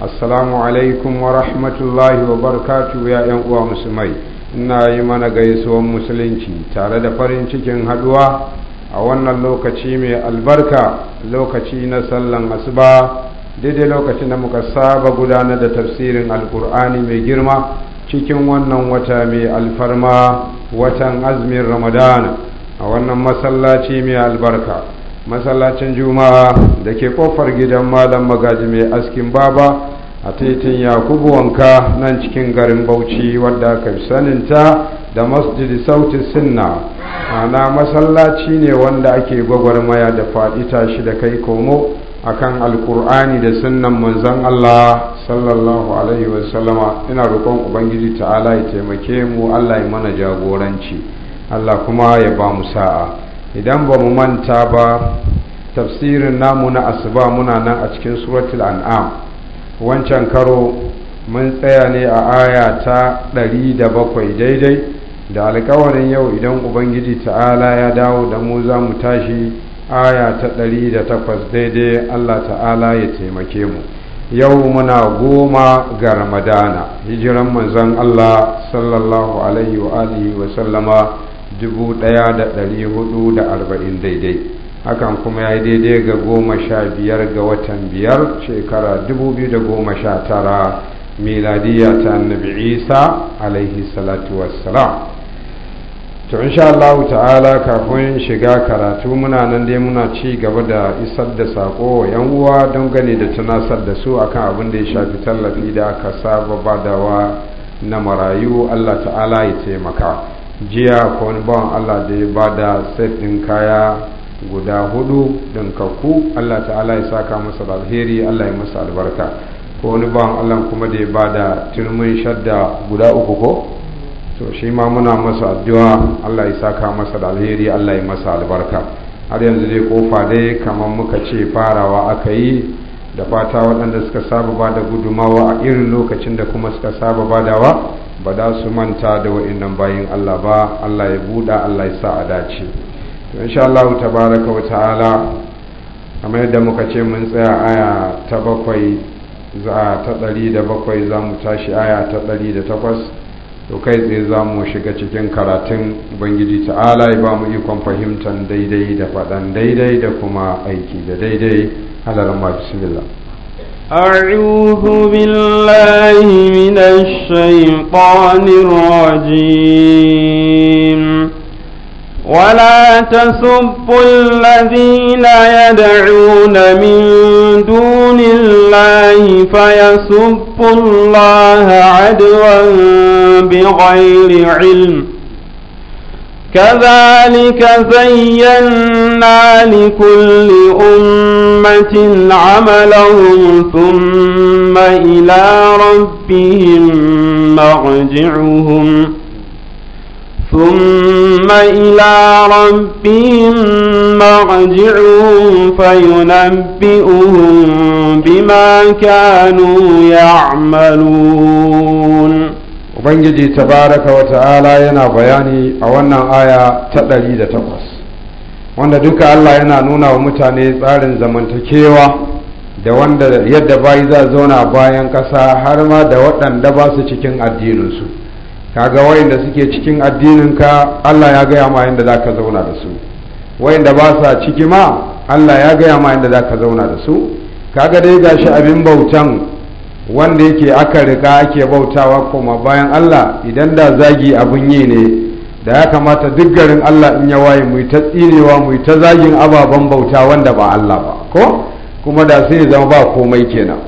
assalamu alaikum wa rahmatullahi wa barkatu. ya yan uwa musulmai ina yi mana gaisuwan musulunci tare da farin cikin haduwa a wannan lokaci mai albarka lokaci na sallan asuba daidai lokaci da muka saba gudanar da tafsirin alkur'ani mai girma cikin wannan wata mai alfarma watan azumin Ramadana, a wannan masallaci mai albarka masallacin juma'a da ke kofar gidan malam magaji mai askin baba a titin yakubu wanka nan cikin garin bauchi wadda aka fi saninta da masjidi sautin sinna ana masallaci ne wanda ake gwagwarmaya da faɗi tashi da kai komo akan alkur'ani da sunnan manzon Allah sallallahu alaihi wasallama ina roƙon ubangiji ta'ala ya taimake mu Allah ya mana jagoranci Allah kuma ya ba mu sa'a idan ba mu manta ba tafsirin namu na asuba muna nan a cikin suratul an'am wancan karo mun tsaya ne a aya ta 107 daidai da alkawarin yau idan ubangiji ta'ala ya dawo da mu za mu tashi aya ta 108 daidai allah ta'ala ya taimake mu yau muna goma ga ramadana hijiran manzon allah sallallahu alaihi wa alihi wa sallama dubu ɗaya da ɗari hudu da arba'in daidai hakan kuma ya yi daidai ga goma sha biyar ga watan biyar shekara dubu biyu da goma sha tara ta annabi isa alaihi salatu wassalam to insha Allah ta'ala kafin shiga karatu muna nan dai muna ci gaba da isar da sako wa yan uwa don gane da tunasar da su akan abin da ya shafi tallafi da aka saba badawa na marayu Allah ta'ala ya taimaka jiya ko wani bawan Allah da ya ba da ɗin kaya guda hudu ɗinkakku Allah ta'ala ya saka masa da alheri Allah ya masa albarka ko wani bawan Allah kuma da ya ba da turmin shadda guda uku ko to shi ma muna masa addu'a Allah ya saka masa da alheri Allah ya masa albarka har yanzu dai kofa dai kamar muka ce farawa aka yi da fata waɗanda suka saba ba da gudumawa a irin lokacin da kuma suka saba badawa ba da su manta da wa'annan bayin Allah ba Allah ya buɗa Allah ya sa a dace to insha Allah baraka wa ta'ala kamar yadda muka ce mun tsaya aya ta bakwai za ta ɗari da bakwai za mu tashi aya ta ɗari da takwas to kai tsaye za mu shiga cikin karatun ubangiji ta'ala ya ba mu ikon fahimtar daidai da faɗan daidai da kuma aiki da daidai halar ma bismillah أعوذ بالله من الشيطان الرجيم ولا تسبوا الذين يدعون من دون الله فيسبوا الله عدوا بغير علم كذلك زينا لكل أمة عملهم ثم إلى ربهم مرجعهم ثم إلى ربهم مرجعهم فينبئهم بما كانوا يعملون ubangiji tabaraka wa ta'ala yana bayani a wannan aya ta ɗari da takwas wanda duka Allah yana nuna wa mutane tsarin zamantakewa da wanda yadda bayi za zauna bayan ƙasa har ma da waɗanda ba su cikin addininsu kaga wayanda suke cikin addininka Allah ya gaya ma yadda za ka zauna da su wayanda ba sa ciki ma Allah ya gaya ma yadda za ka zauna da su kaga dai gashi abin bautan wanda yake aka riga ake bautawa kuma bayan Allah idan da zagi abun yi ne da ya kamata duk garin Allah in ya waye mu ta tsirewa mu ta zagin ababen bauta wanda ba Allah ba ko kuma da sai zama ba komai kenan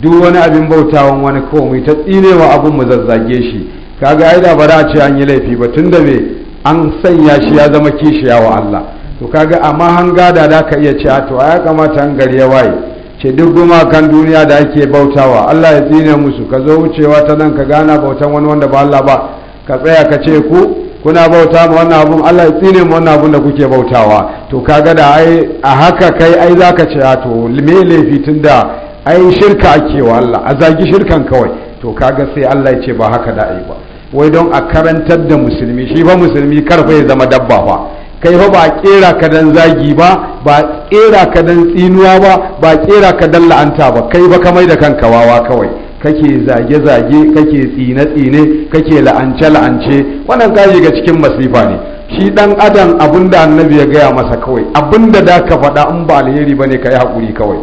duk wani abin bautawan wani ko mu ta tsirewa abun mu zazzage shi kaga ai da ba za a ce an yi laifi ba tunda me an sanya shi ya zama kishiya wa Allah to kaga amma hanga da da ka iya cewa to ya kamata an gari ya waye ce duk gumakan duniya da ake bautawa Allah ya tsine musu ka zo wucewa ta nan ka gana bautan wani wanda ba Allah ba ka tsaya ka ce ku kuna bauta ma wannan abun Allah ya tsine mu wannan abun da kuke bautawa to kaga da ai a haka kai ai zaka ce a to me laifi tunda ai shirka ake wa Allah a zagi shirkan kawai to kaga sai Allah ya ce ba haka da ai ba wai don a karantar da musulmi shi fa musulmi karfa ya zama dabba fa kai fa ba a kera ka dan zagi ba ba kera ka dan tsinuwa ba ba kera ka dan la'anta ba kai ba ka mai da kanka wawa kawai kake zage-zage kake tsine-tsine kake la'ance-la'ance wannan ka ga cikin masifa ne shi dan adam abinda annabi ya gaya masa kawai abinda da ka faɗa in ba alheri bane ne hakuri kawai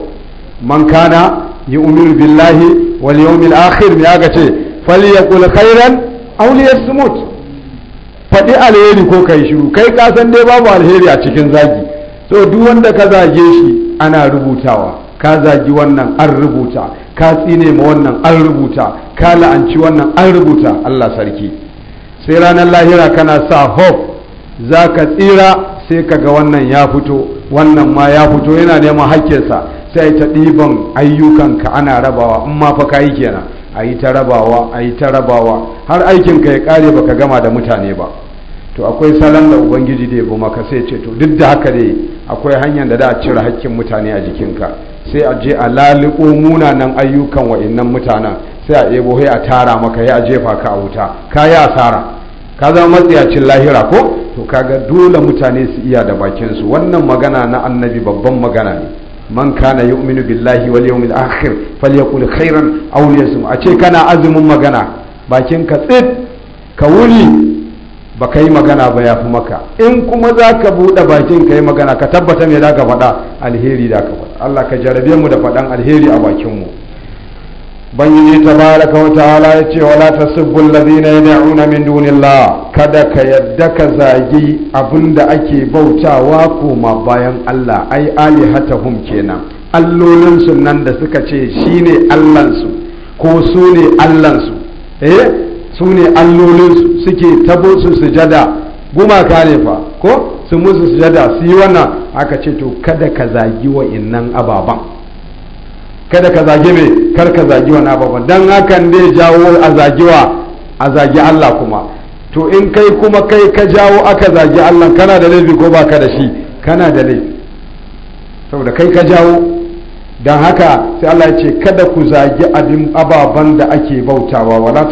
man kana yi umir billahi wal yawmil akhir ya ga ce falyakul khairan aw liyasmut faɗi alheri ko kai shiru kai ka san dai babu alheri a cikin zagi so duk wanda ka zage shi ana rubutawa ka zagi wannan an rubuta ka tsine ma wannan an rubuta ka la'anci wannan an rubuta Allah sarki sai ranar lahira kana sa hope za ka tsira sai ka ga wannan ya fito wannan ma ya fito yana neman hakkinsa sai ta ɗiban ayyukanka ana rabawa in ma fa yi kenan a yi ta rabawa a yi ta rabawa har aikinka ya ƙare baka gama da mutane ba to akwai salon da ubangiji da ya bu maka sai ce to duk da haka ne akwai hanyar da za a cire hakkin mutane a jikinka sai a je a laliko munanan ayyukan wa'annan mutanen sai a ebo a tara maka ya jefa ka a wuta ka yi asara ka zama matsiyacin lahira ko to kaga dole mutane su iya da bakinsu wannan magana na annabi babban magana ne man kana yu'minu billahi wal yawmil akhir falyakul khairan aw a ce kana azumin magana bakinka tsit ka wuni ba ka yi magana ba ya fi maka in kuma za ka buɗe bakin ka yi magana ka tabbata me za ka faɗa alheri da ka faɗa Allah ka jarabe mu da faɗan alheri a bakinmu bangiji tabaraka wa ta'ala ya ce wala ladina ya yad'una min dunillah kada ka yadda ka zagi da ake bautawa koma bayan Allah ai alihatahum kenan allolinsu nan da suka ce shine allansu ko su ne allansu eh su ne allolinsu suke tabo su sujada gumaka ne fa ko su musu sujada su yi wannan aka ce to kada ka zagi wa innan ababan kada ka zagi me kar ka zagi wani ababan don hakan zai jawo a zagiwa a zagi Allah kuma to in kai kuma kai ka jawo aka zagi Allah kana da laifi ko baka da shi kana da laifi saboda kai ka jawo don haka sai Allah ya ce kada ku zagi abin ababen da ake bautawa wala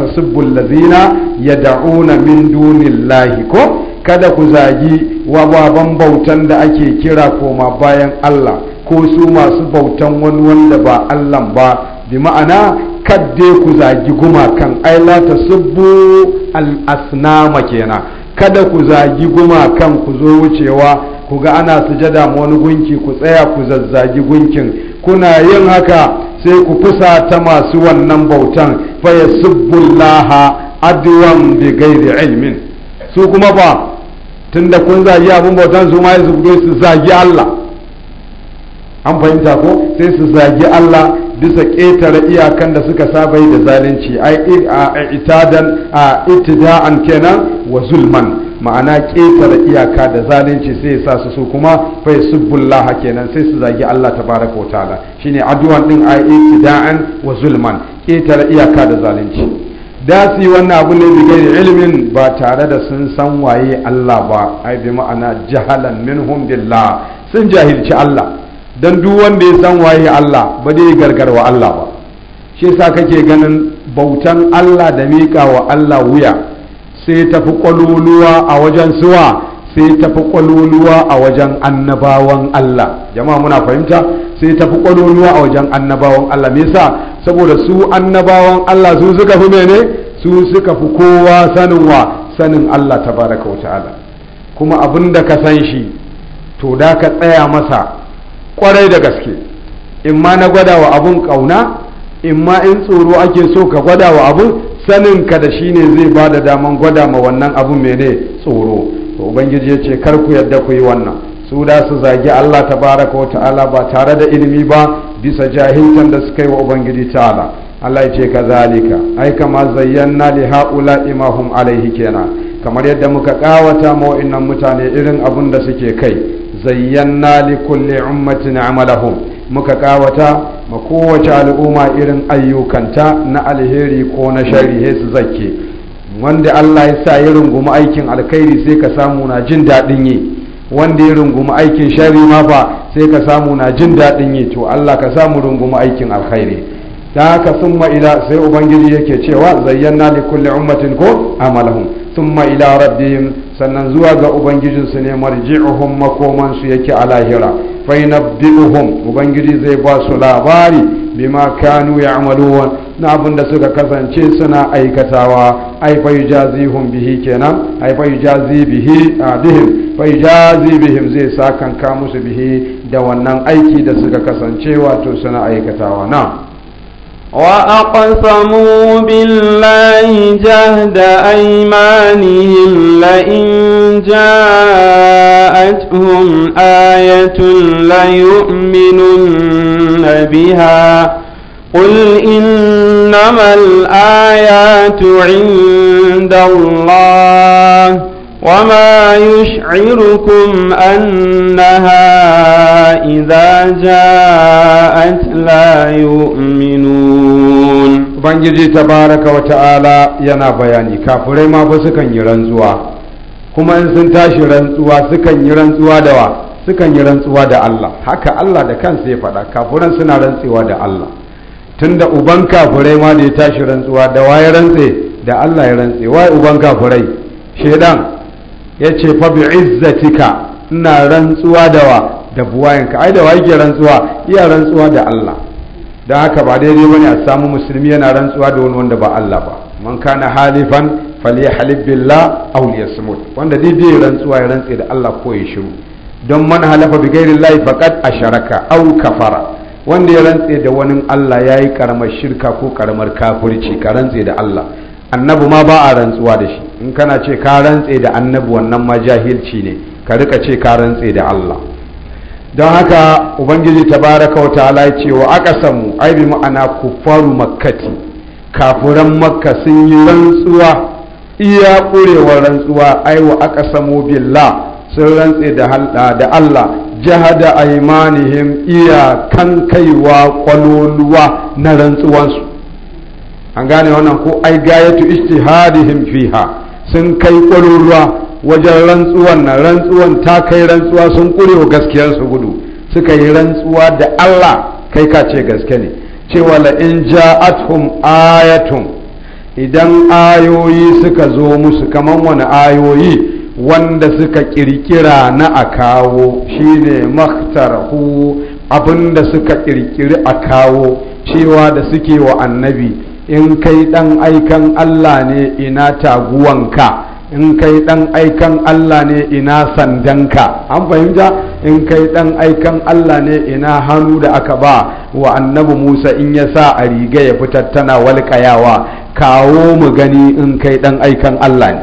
lazina ya da'una min dunillahi ko kada ku zagi wababan bautan da ake kira koma bayan Allah ko su masu bautan wani wanda ba Allah ba bi ma'ana kadde ku zagi gumakan ai la tasubbu al-asnama kenan kada ku zagi gumakan ku zo wucewa ku ga ana sujada ma wani gunki ku tsaya ku zazzagi gunkin kuna yin haka sai ku kusa ta masu wannan bautan faya subbullaha adwan bi gairi ilmin su kuma ba tunda kun zagi abin bautan su ma su zagi Allah an fahimta ko sai su zagi Allah bisa ƙetare iyakan da suka saba yi da zalunci ai itadan a itida'an kenan wa zulman ma'ana ƙetare iyaka da zalunci sai ya sa su su kuma fa yasubbullah kenan sai su zagi Allah tabaraka wa ta'ala shine addu'an din ai ibtida'an wa zulman ƙetare iyaka da zalunci da su yi wannan abu ne bi gairi ilimin ba tare da sun san waye Allah ba ai bi ma'ana jahalan minhum billah sun jahilci Allah dan duk wanda ya san waye Allah ba dai gargarwa Allah ba shi yasa kake ganin bautan Allah da miƙa wa Allah wuya sai tafi kwaloluwa a wajen suwa sai tafi kwaloluwa a wajen annabawan Allah jama'a muna fahimta sai tafi kwaloluwa a wajen annabawan Allah me yasa saboda su annabawan Allah su suka fi mene su suka fi kowa sanin wa sanin Allah tabaraka wa ta'ala kuma abin da ka san shi to da ka tsaya masa kwarai da gaske in ma na gwada wa abun kauna in ma in tsoro ake so ka gwada wa abun sanin ka da shi ne zai ba da daman gwada ma wannan abu mene tsoro to ubangiji ya ce kar ku yadda ku yi wannan su da su zagi allah Ta baraka wa ta'ala ba tare da ilimi ba bisa jahiltan da suka yi wa ubangiji ta'ala allah ya ce ka zalika ai kama zayyana li haula imahum alaihi kenan kamar yadda muka kawata ma wa'annan mutane irin abun da suke kai zayyana li kulli ummatin amalahum muka kawata ma kowace al'umma irin ayyukanta na alheri ko na shari su zake wanda Allah ya sa ya rungumi aikin alkhairi sai ka samu na jin daɗin yi wanda ya rungumi aikin shari ma fa sai ka samu na jin daɗin yi to Allah ka samu rungumi aikin alkhairi ta haka summa ila sai ubangiji yake cewa zayyana li kulli ummatin ko amalahum summa ila rabbihim sannan zuwa ga ubangijinsu ne marji'uhum makomansu yake a lahira fa yunabbi'uhum ubangiji zai ba su labari bima kanu ya'malun na abin da suka kasance suna aikatawa ai fa yujazihum bihi kenan ai fa yujazi bihi bihim fa yujazi bihim zai sa kanka musu bihi da wannan aiki da suka kasance wato suna aikatawa na. وأقسموا بالله جهد أيمانهم لئن جاءتهم آية ليؤمنن بها قل إنما الآيات عند الله وما يشعركم أنها إذا جاءت لا يؤمنون Ubangiji tabaraka wa ta'ala yana bayani kafurai ma fa sukan yi rantsuwa kuma in sun tashi rantsuwa sukan yi rantsuwa da wa sukan yi rantsuwa da Allah haka Allah da kansa ya faɗa kafiran suna rantsuwa da Allah tunda uban kafurai ma da ya tashi rantsuwa da waye rantse da Allah ya rantse waye uban kafurai shaidan. ya ce fa bi izzatika ina rantsuwa da wa da buwayenka ai da wake rantsuwa iya rantsuwa da Allah don haka ba daidai bane a samu musulmi yana rantsuwa da wani wanda ba Allah ba man kana halifan fali halib billah aw yasmut wanda dai bai rantsuwa ya rantsi da Allah ko ya shiru don man halafa bi ghairi llahi faqad asharaka aw kafara wanda ya rantse da wani Allah yayi karamar shirka ko karamar kafirci ka rantse da Allah annabi ma ba a rantsuwa da shi in kana ce ka rantse da annabi wannan ma jahilci ne ka rika ce ka rantse da Allah don haka ubangiji tabaraka wa ta'ala ya ce wa aqsamu ai bi ma'ana kufaru makkati kafuran makka sun yi rantsuwa iya kurewar rantsuwa ai wa aqsamu billah sun rantse da halda da Allah jahada aymanihim iya kan kaiwa kwaloluwa na rantsuwansu an gane wannan ko ai gayatu ijtihadihim fiha sun kai ƙwarurruwa wajen rantsuwan nan rantsuwan ta kai rantsuwa sun ƙure wa gaskiyarsu gudu suka yi rantsuwa da Allah kai ka ce gaske ne cewa la'in ja'athum ayatun idan ayoyi suka zo musu kamar wani ayoyi wanda suka kirkira na a kawo shine maktarahu abinda suka kirkiri a kawo cewa da suke wa annabi in kai ɗan aikan Allah ne ina taguwanka in kai ɗan aikan Allah ne ina sandanka an fahimta in kai ɗan aikan Allah ne ina hannu da aka ba wa annabi Musa in ya sa a riga ya fitar tana walƙayawa kawo mu gani in kai ɗan aikan Allah ne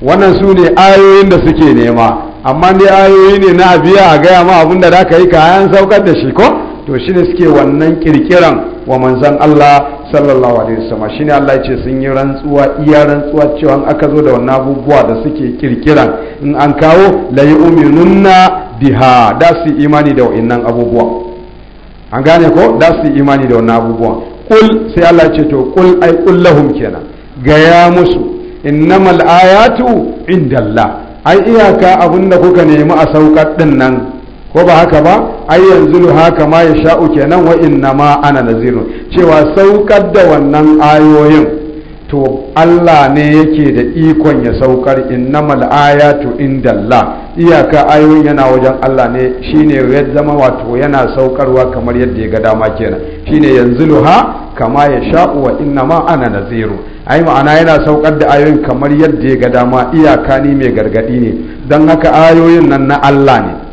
wannan su ne ayoyin da suke nema amma dai ayoyi ne na biya a gaya ma abin da za ka yi kayan saukar da shi ko to shi ne suke wannan kirkiran wa manzan Allah sallallahu alaihi wasallam shine Allah ya ce sun yi rantsuwa iya rantsuwa cewa an aka zo da wannan abubuwa da suke kirkira in an kawo la yu'minunna biha da su imani da wannan abubuwa an gane ko da su imani da wannan abubuwa kul sai Allah ya ce to kul ai kul lahum kenan gaya musu innamal ayatu indallah ai iyaka abinda kuka nemi a saukar din nan ko ba haka ba ai yanzu haka ma ya sha'u kenan wa inna ma ana nazirun cewa saukar da wannan ayoyin to Allah ne yake da ikon ya saukar innamal ayatu indallah iyaka ayoyin yana wajen Allah ne shine ya zama wato yana saukarwa kamar yadda ya ga dama kenan shine yanzu ha kama ya sha'u wa inna ma ana naziru ai ma'ana yana saukar da ayoyin kamar yadda ya ga dama iyaka ni mai gargadi ne don haka ayoyin nan na Allah ne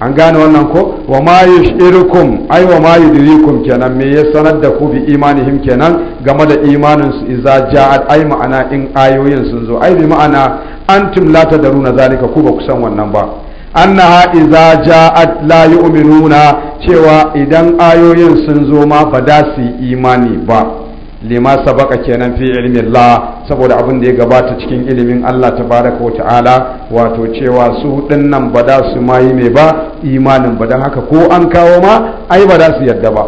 an gane wannan ko wa ma yushirukum ai wa ma yudrikum kenan me ya sanar da ku bi imanihim kenan game da imanin su iza ja'at ai ma'ana in ayoyin sun zo ai bi ma'ana antum la tadruna zalika ku ba ku san wannan ba annaha iza ja'at la yu'minuna cewa idan ayoyin sun zo ma ba da su imani ba lima sabaka kenan fi ilmin la saboda abin da ya gabata cikin ilimin Allah tabaraka wa ta'ala wato cewa su dinnan ba da su mayi mai ba imanin ba dan haka ko an kawo ma ai ba da su yadda ba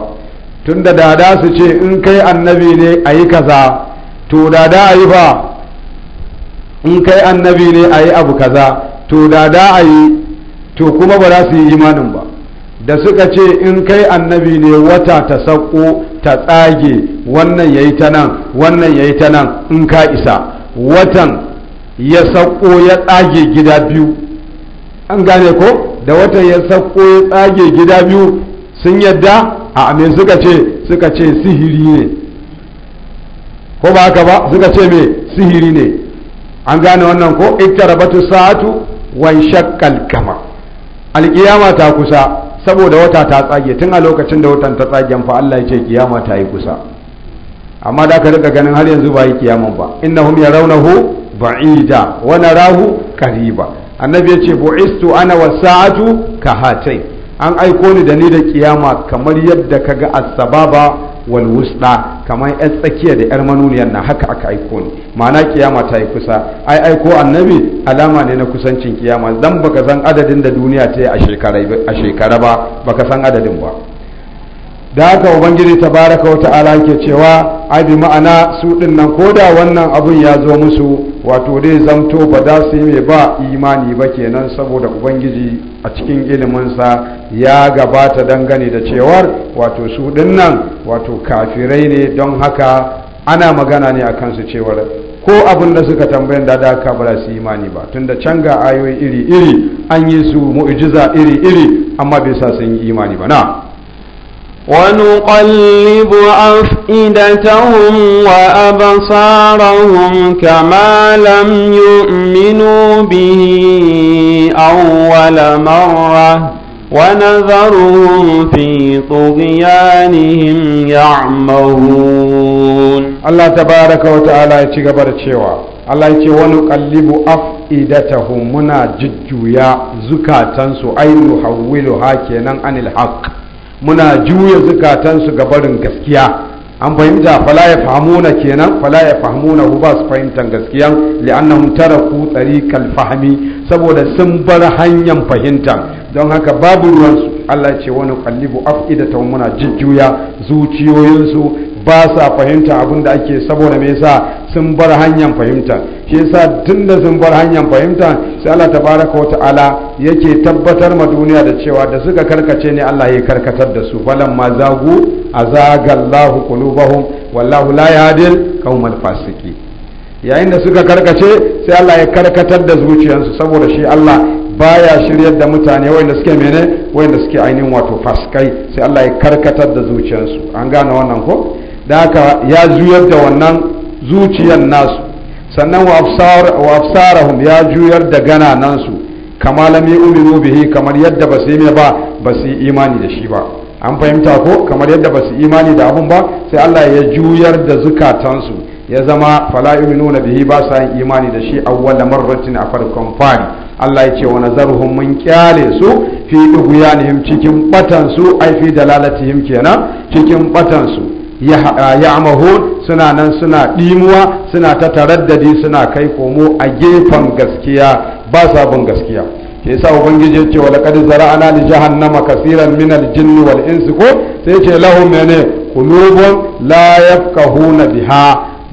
tunda da da su ce in kai annabi ne ayi kaza to da da ayi ba in kai annabi ne ayi abu kaza to da ayi to kuma ba za su yi imanin ba da suka ce in kai annabi ne wata ta sauko ta tsage wannan ya yi ta nan wannan ya yi ta nan in ka isa watan ya sauko ya tsage gida biyu an gane ko da watan ya sauko ya tsage gida biyu sun yadda a me suka ce suka ce sihiri ne ko ba haka ba suka ce me sihiri ne an gane wannan ko ita rabatu sa'atu wani shakkal kama alƙiyama ta kusa saboda wata ta tsage tun a lokacin da watan ta tsagen fa Allah ya ce kiyama ta yi kusa amma da ka rika ganin har yanzu ba yi kiyaman ba innahum yarawnahu ba'ida wa narahu qariba annabi ya ce bu'istu ana wasa'atu hatai an aiko ni da ni da kiyama kamar yadda kaga as-sababa wal wusta kamar yan tsakiya da yar manuniyar na haka aka aiko ne ma'ana kiyama ta yi kusa ai aiko annabi alama ne na kusancin kiyama dan baka san adadin da duniya ta yi a shekara ba baka san adadin ba da haka ubangiji tabaraka wa ta'ala ke cewa ai bi ma'ana su din nan da wannan abun ya zo musu wato dai zamto ba za su yi mai ba imani ba kenan saboda ubangiji a cikin ilimin sa ya gabata dangane da cewar wato su din nan wato kafirai ne don haka ana magana ne a kansu cewar ko abin da suka tambayin da da ba su imani ba tunda can ga ayoyi iri-iri an yi su mu'jiza iri-iri amma bai sa sun yi imani ba na ونقلب أفئدتهم وأبصارهم كما لم يؤمنوا به أول مرة ونذرهم في طغيانهم يعمهون الله تبارك وتعالى يتشغب رتشيوا الله يتشي ونقلب أفئدتهم منا ججويا زكاة سو أي نحولها كينا عن الحق muna juya zukatansu ga barin gaskiya an fahimta fala ya fahimu na kenan fala ya fahimu na hu ba su fahimtar gaskiya li'annahum taraku tsarikal fahimi saboda sun bar hanyar fahimta don haka babu ruwansu Allah ce wani kallibu ta muna jujjuya zuciyoyinsu ba sa fahimta abin da ake saboda me yasa sun bar hanyar fahimta shi yasa tunda sun bar hanyar fahimta sai Allah tabaraka wa ta'ala yake tabbatar ma duniya da cewa da suka karkace ne Allah ya karkatar da su falan ma zagu azagallahu qulubahum wallahu la yahdil qaumal fasiki. yayin da suka karkace sai Allah ya karkatar da zuciyarsu saboda shi Allah baya shiryar da mutane wanda suke mene wanda suke ainihin wato faskai sai Allah ya karkatar da zuciyarsu an gane wannan ko da haka ya juyar da wannan zuciyar nasu sannan wa afsarahum ya juyar da gananansu kama lam yu'minu bihi kamar yadda ba su yi ba ba su yi imani da shi ba an fahimta ko kamar yadda ba su imani da abun ba sai Allah ya juyar da zukatansu ya zama fala yu'minuna bihi ba sa yin imani da shi awwala marratin a farkon fari Allah ya ce wa nazaruhum mun kyale su fi dughyanihim cikin batansu ai fi dalalatihim kenan cikin batansu ya'mahun suna nan suna ɗimuwa suna ta taraddadi suna kai komo a gefen gaskiya ba sabon gaskiya ke sa ubangiji ya ce wa laqad zara'ana li jahannama kaseeran min al-jinn wal insi ko sai ce lahum mene qulubun la yafqahuna biha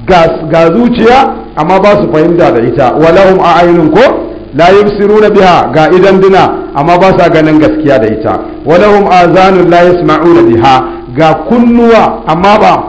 ga zuciya amma ba su fahimta da ita wa lahum ko la yubsiruna biha ga idan duna amma ba sa ganin gaskiya da ita wa lahum azanun la yasma'una biha ga kunnuwa amma ba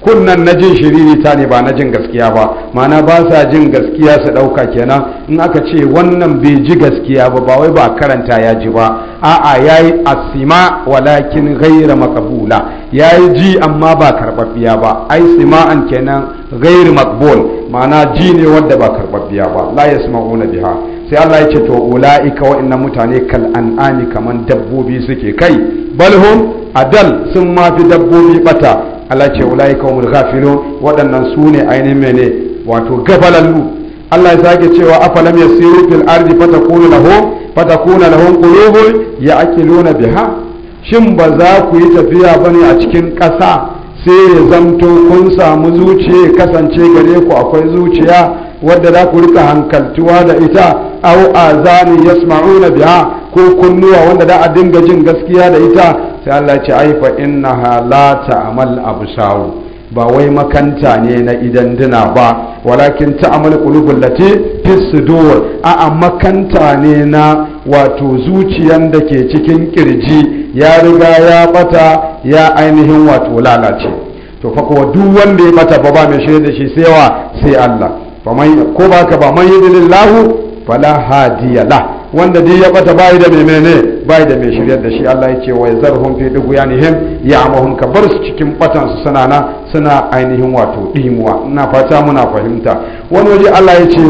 kunnan na jin shiririta ne ba na jin gaskiya ba mana ba sa jin gaskiya su ɗauka kenan in aka ce wannan bai ji gaskiya ba ba wai ba karanta ya ji ba a'a ya yi asima walakin gaira makabula ya yi ji amma ba karɓaɓɓiya ba ai sima'an kenan gairi makbul mana ji ne wanda ba karɓaɓɓiya ba la yasma'una biha sai Allah ya ce to ula'ika wa'annan mutane kal an'ami kamar dabbobi suke kai balhum adal sun ma fi dabbobi bata Allah ce ulai kaumul ghafilun waɗannan sune ne ainihin mene wato gabalallu Allah ya sake cewa afalam yasiru fil ardi fatakunu lahum fatakuna lahum qulubun ya'qiluna biha shin ba za ku yi tafiya bane a cikin ƙasa sai ya zamto kun samu zuciya kasance gare ku akwai zuciya wadda za ku rika hankaltuwa da ita au azani yasma'una biha ko kunnuwa wanda da a dinga jin gaskiya da ita sai Allah ce na inna innaha la abu ba wai makanta ne na idan duna ba walakin ta'mal qulubul lati fis sudur a makanta ne na wato zuciyan da ke cikin kirji ya riga ya bata ya ainihin wato lalace to fa kuwa duk wanda ya bata ba ba mai shirye da shi sai wa sai Allah ko ba ka ba man yidilillahu fala hadiyalah wanda dai ya bata bai da menene bai da mai shiryar da shi Allah ya ce wa zarhum fi dughyanihim ya'mahum ka bar su cikin batan su suna na suna ainihin wato dimuwa ina fata muna fahimta wani waje Allah ya ce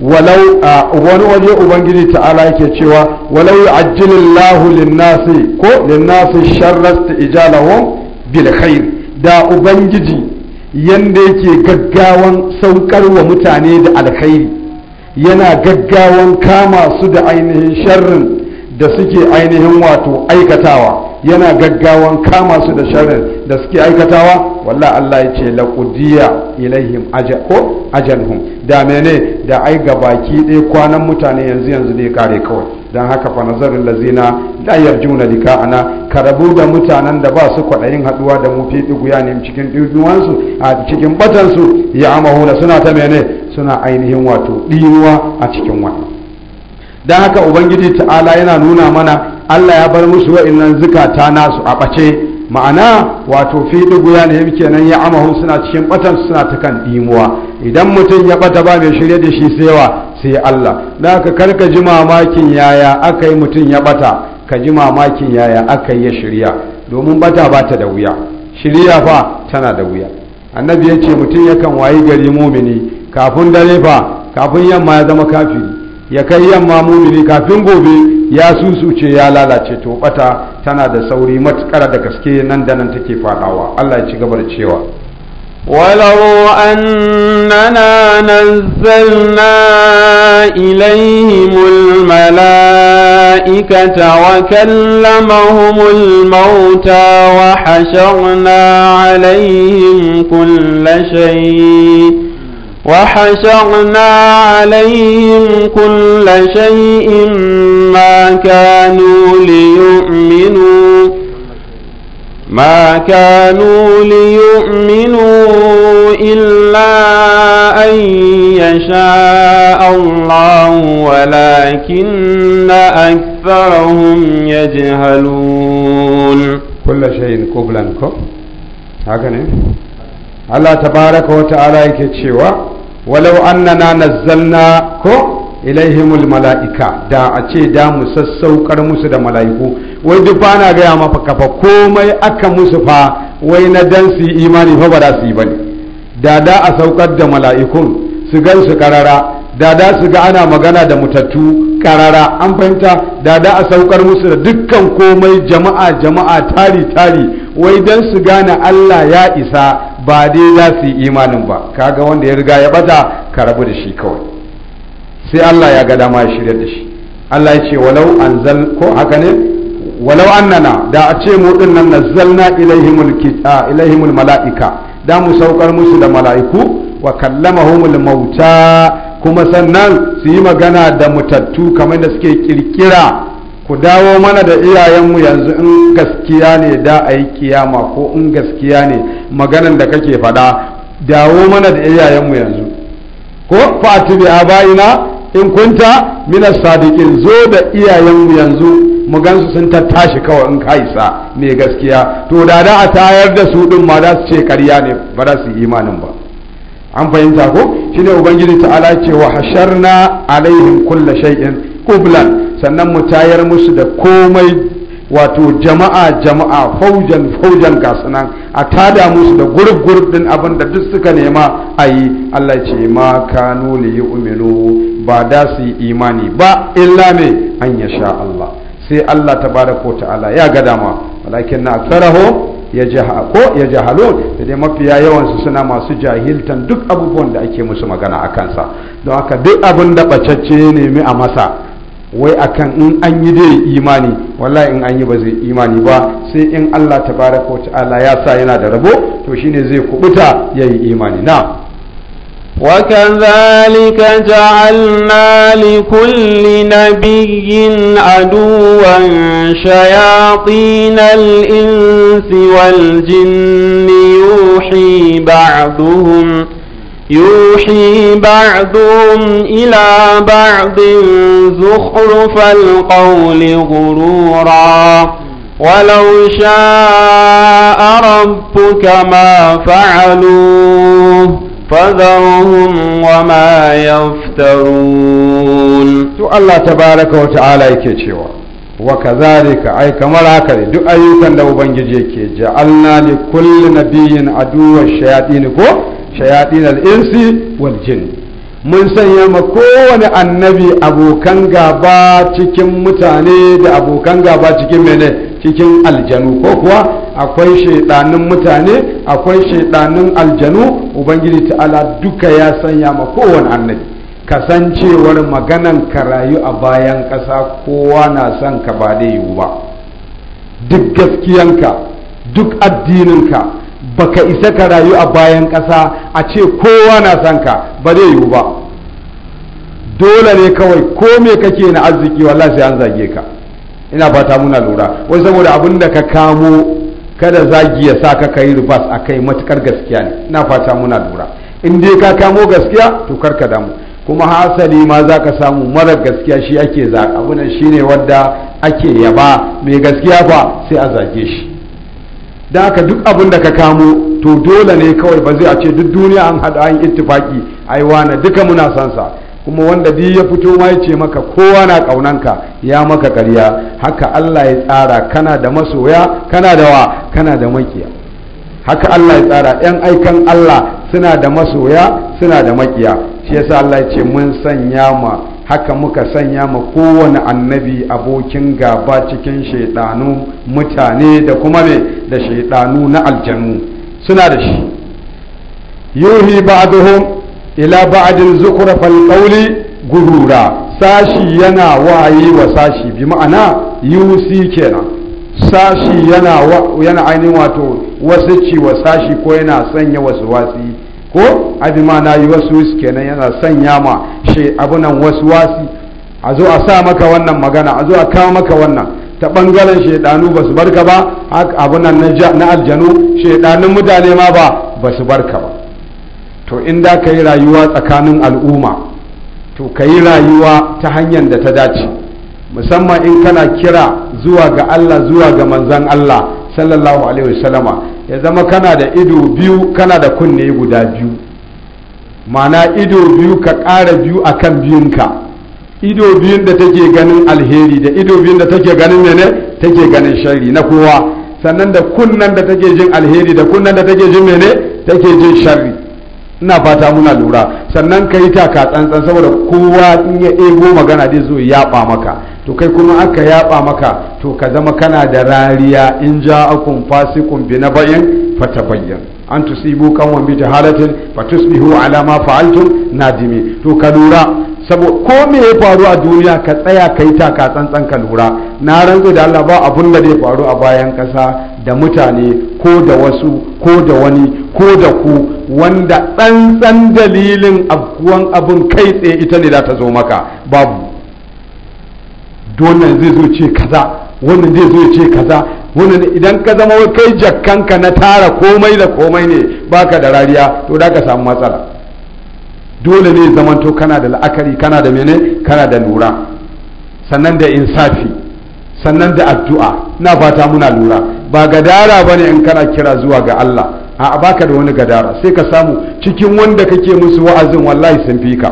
walau wani waje ubangiji ta'ala yake cewa walau yu'ajjilillahu lin-nasi ko lin-nasi sharrat ijalahum bil khair da ubangiji yanda yake gaggawan saukar wa mutane da alkhairi yana gaggawan kama su da ainihin sharrin da suke ainihin wato aikatawa yana gaggawan kama su da sharrin da suke aikatawa walla Allah ya ce laqudiya ilaihim ko ajalhum da mene da ai baki ɗaya kwanan mutane yanzu yanzu ne kare kawai don haka fa nazarin lazina la yarjuna lika'ana karabu da mutanen da ba su kwaɗayin haɗuwa da mu fi ɗiguya ne cikin ɗiguwansu a cikin batansu ya amahuna suna ta mene suna ainihin wato ɗinuwa a cikin wannan don haka ubangiji ta'ala yana nuna mana allah ya bar musu wa'innan zukata nasu a bace ma'ana wato fi ya ne kenan ya amahun suna cikin ɓatan suna ta kan ɗimuwa idan mutum ya bata ba mai shirya da shi sewa sai allah don haka karka ji mamakin yaya aka yi mutum ya ɓata ka ji mamakin yaya aka yi ya shirya domin bata ba da wuya shirya fa tana da wuya annabi ya ce mutum yakan wayi gari mumini kafin dare fa kafin yamma ya zama kafiri ya kai yamma mumini kafin gobe ya susuce ya lalace to bata tana da sauri matukar da gaske nan da nan take fadawa Allah ya ci gaba da cewa ولو أننا نزلنا إليهم الملائكة وكلمهم الموتى وحشرنا عليهم كل شيء وحشرنا عليهم كل شيء ما كانوا ليؤمنوا ما كانوا ليؤمنوا إلا أن يشاء الله ولكن أكثرهم يجهلون كل شيء قبلا كف هكذا الله تبارك وتعالى يكتشف walau annana nazzalna ko ilaihimul mala'ika da a ce da mu sassaukar musu da mala'iku wai duk ba gaya maka kafa komai aka musu fa wai na dan su yi imani fa ba da su yi bane da da a saukar da mala'ikun su gan su karara da da su ga ana magana da mutattu karara an fahimta da da a saukar musu da dukkan komai jama'a jama'a tari tari wai dan su gane Allah ya isa ba dai za su yi imanin ba kaga wanda ya riga ya bata ka rabu da shi kawai sai Allah ya ga dama ya shirya da shi Allah ya ce walau anzal ko haka ne walau annana da a ce mu din nan nazzalna ilaihimul kita ilaihimul malaika da mu saukar musu da malaiku wa kallamahumul mauta kuma sannan su yi magana da mutattu kamar da suke kirkira ku dawo mana da iyayenmu yanzu in gaskiya ne da a yi kiyama ko in gaskiya ne maganan da kake faɗa dawo mana da iyayenmu yanzu ko fati da abaina in kunta mina sadikin zo da iyayenmu yanzu mu gansu sun tattashi kawai in ka isa gaskiya to da da a tayar da su din ma za su ce karya ne ba za su yi imanin ba an fahimta ko shine ubangiji ta'ala ce wa hasharna alaihim kulla shay'in qublan sannan mu tayar musu da komai wato jama'a jama'a faujan faujan gasu nan a tada musu da gurgur din abin da duk suka nema a yi Allah ce ma kanu li yu'minu ba da su yi imani ba illa me an ya sha Allah sai Allah tabaraka ta'ala ya ga dama walakin na ho ya ko ya jahalo da dai mafiya yawan su suna masu jahiltan duk abubuwan da ake musu magana a kansa don haka duk abin da bacacce ne a masa wai akan in an yi dai imani wallahi in an yi ba zai imani ba sai in Allah tabaraka wa ta'ala ya sa yana da rabo to shine zai kubuta yayi imani na وكذلك جعلنا لكل نبي عدوا شياطين الإنس والجن يوحي بعضهم يوحي بعضهم إلى بعض زخرف القول غرورا ولو شاء ربك ما فعلوه فذرهم وما يفترون تو الله تبارك وتعالى يكيشوا وكذلك أي كما هكذا دو أيوكا لو بنجي جعلنا لكل نبي عدو الشياطين كو shayatin insi wal mun sanya ma kowane annabi abokan gaba cikin mutane da abokan gaba cikin mene cikin aljanu ko kuwa akwai shaidanin mutane akwai shaidanin aljanu ubangiji ta'ala duka ya sanya ma kowane annabi kasancewar maganan ka rayu a bayan ƙasa kowa na son ka ba da yiwu ba duk gaskiyanka duk addininka baka isa ka rayu a bayan ƙasa a ce kowa na san ka ba zai yiwu ba dole ne kawai ko me kake na arziki wallahi sai an zage ka ina fata muna lura wai saboda abin da ka kamo kada zagi ya sa ka kai ribas a kai matukar gaskiya ne ina fata muna lura in dai ka kamo gaskiya to kar ka damu kuma hasali ma za ka samu mara gaskiya shi ake zaƙa abunan shine wanda ake yaba mai gaskiya fa sai a zage shi da aka duk abin da ka kamo to dole ne kawai ba zai a ce duk duniya an haɗa an ittifaki ai na duka muna sansa kuma wanda duk ya fito ma ya ce maka kowa na ƙaunanka ya maka ƙarya haka Allah ya tsara kana da masoya kana da wa kana da makiya haka Allah ya tsara ɗan aikan Allah suna da masoya suna da makiya shi yasa Allah ya ce mun sanya ma haka muka sanya ma kowane annabi abokin gaba cikin shaidanu mutane da kuma ne da shaidanu na aljanu suna da shi yuhi ba'duhum ila ba'din zukrafal qawli gurura sashi yana wayi wa sashi bi ma'ana yusi kenan sashi yana yana ainihin wato wasu ci wa sashi ko yana sanya wasu watsi. ko ma na yi wasu wasu kenan yana sanya ma shi abunan wasu wasi a zo a sa maka wannan magana a zo a kawo maka wannan ta bangaren shaidanu ba su barka ba abunan na aljanu shaidanun mutane ma ba ba su barka ba to in da ka yi rayuwa tsakanin al'umma to ka yi rayuwa ta hanyar da ta dace musamman in kana kira zuwa ga Allah zuwa ga manzan Allah sallallahu alaihi wasallama ya zama kana da ido biyu kana da kunne guda biyu mana ido biyu ka ƙara biyu a kan biyunka ido biyun da take ganin alheri da ido biyun da take ganin mene take ganin shari na kowa sannan da kunnan da take jin alheri da kunnan da take jin mene take jin shari ina fata muna lura sannan ka yi taka tsantsan saboda kowa in ya ego magana dai zo ya maka to kai kuma aka yaba maka to ka zama kana da rariya in ja ja'akum kun bi nabayin bayan an tusibu wa bi jahalatin tusbihu ala ma fa'altum nadimi to ka lura sabo ko me ya faru a duniya ka tsaya ka yi taka tsantsan ka lura na rantsu da Allah ba abun da zai faru a bayan kasa da mutane ko da wasu ko da wani ko da ku wanda tsantsan dalilin abuwan abun kai tsaye ita ne za ta zo maka babu to wannan zai zo ce kaza wannan zai zo ce kaza wannan idan ka zama wai kai jakkanka na tara komai da komai ne baka da rariya to da ka samu matsala dole ne zamanto kana da la'akari kana da mene kana da lura sannan da insafi sannan da addu'a na fata muna lura ba gadara bane in kana kira zuwa ga Allah a baka da wani gadara sai ka samu cikin wanda kake musu wa'azin wallahi sun fi ka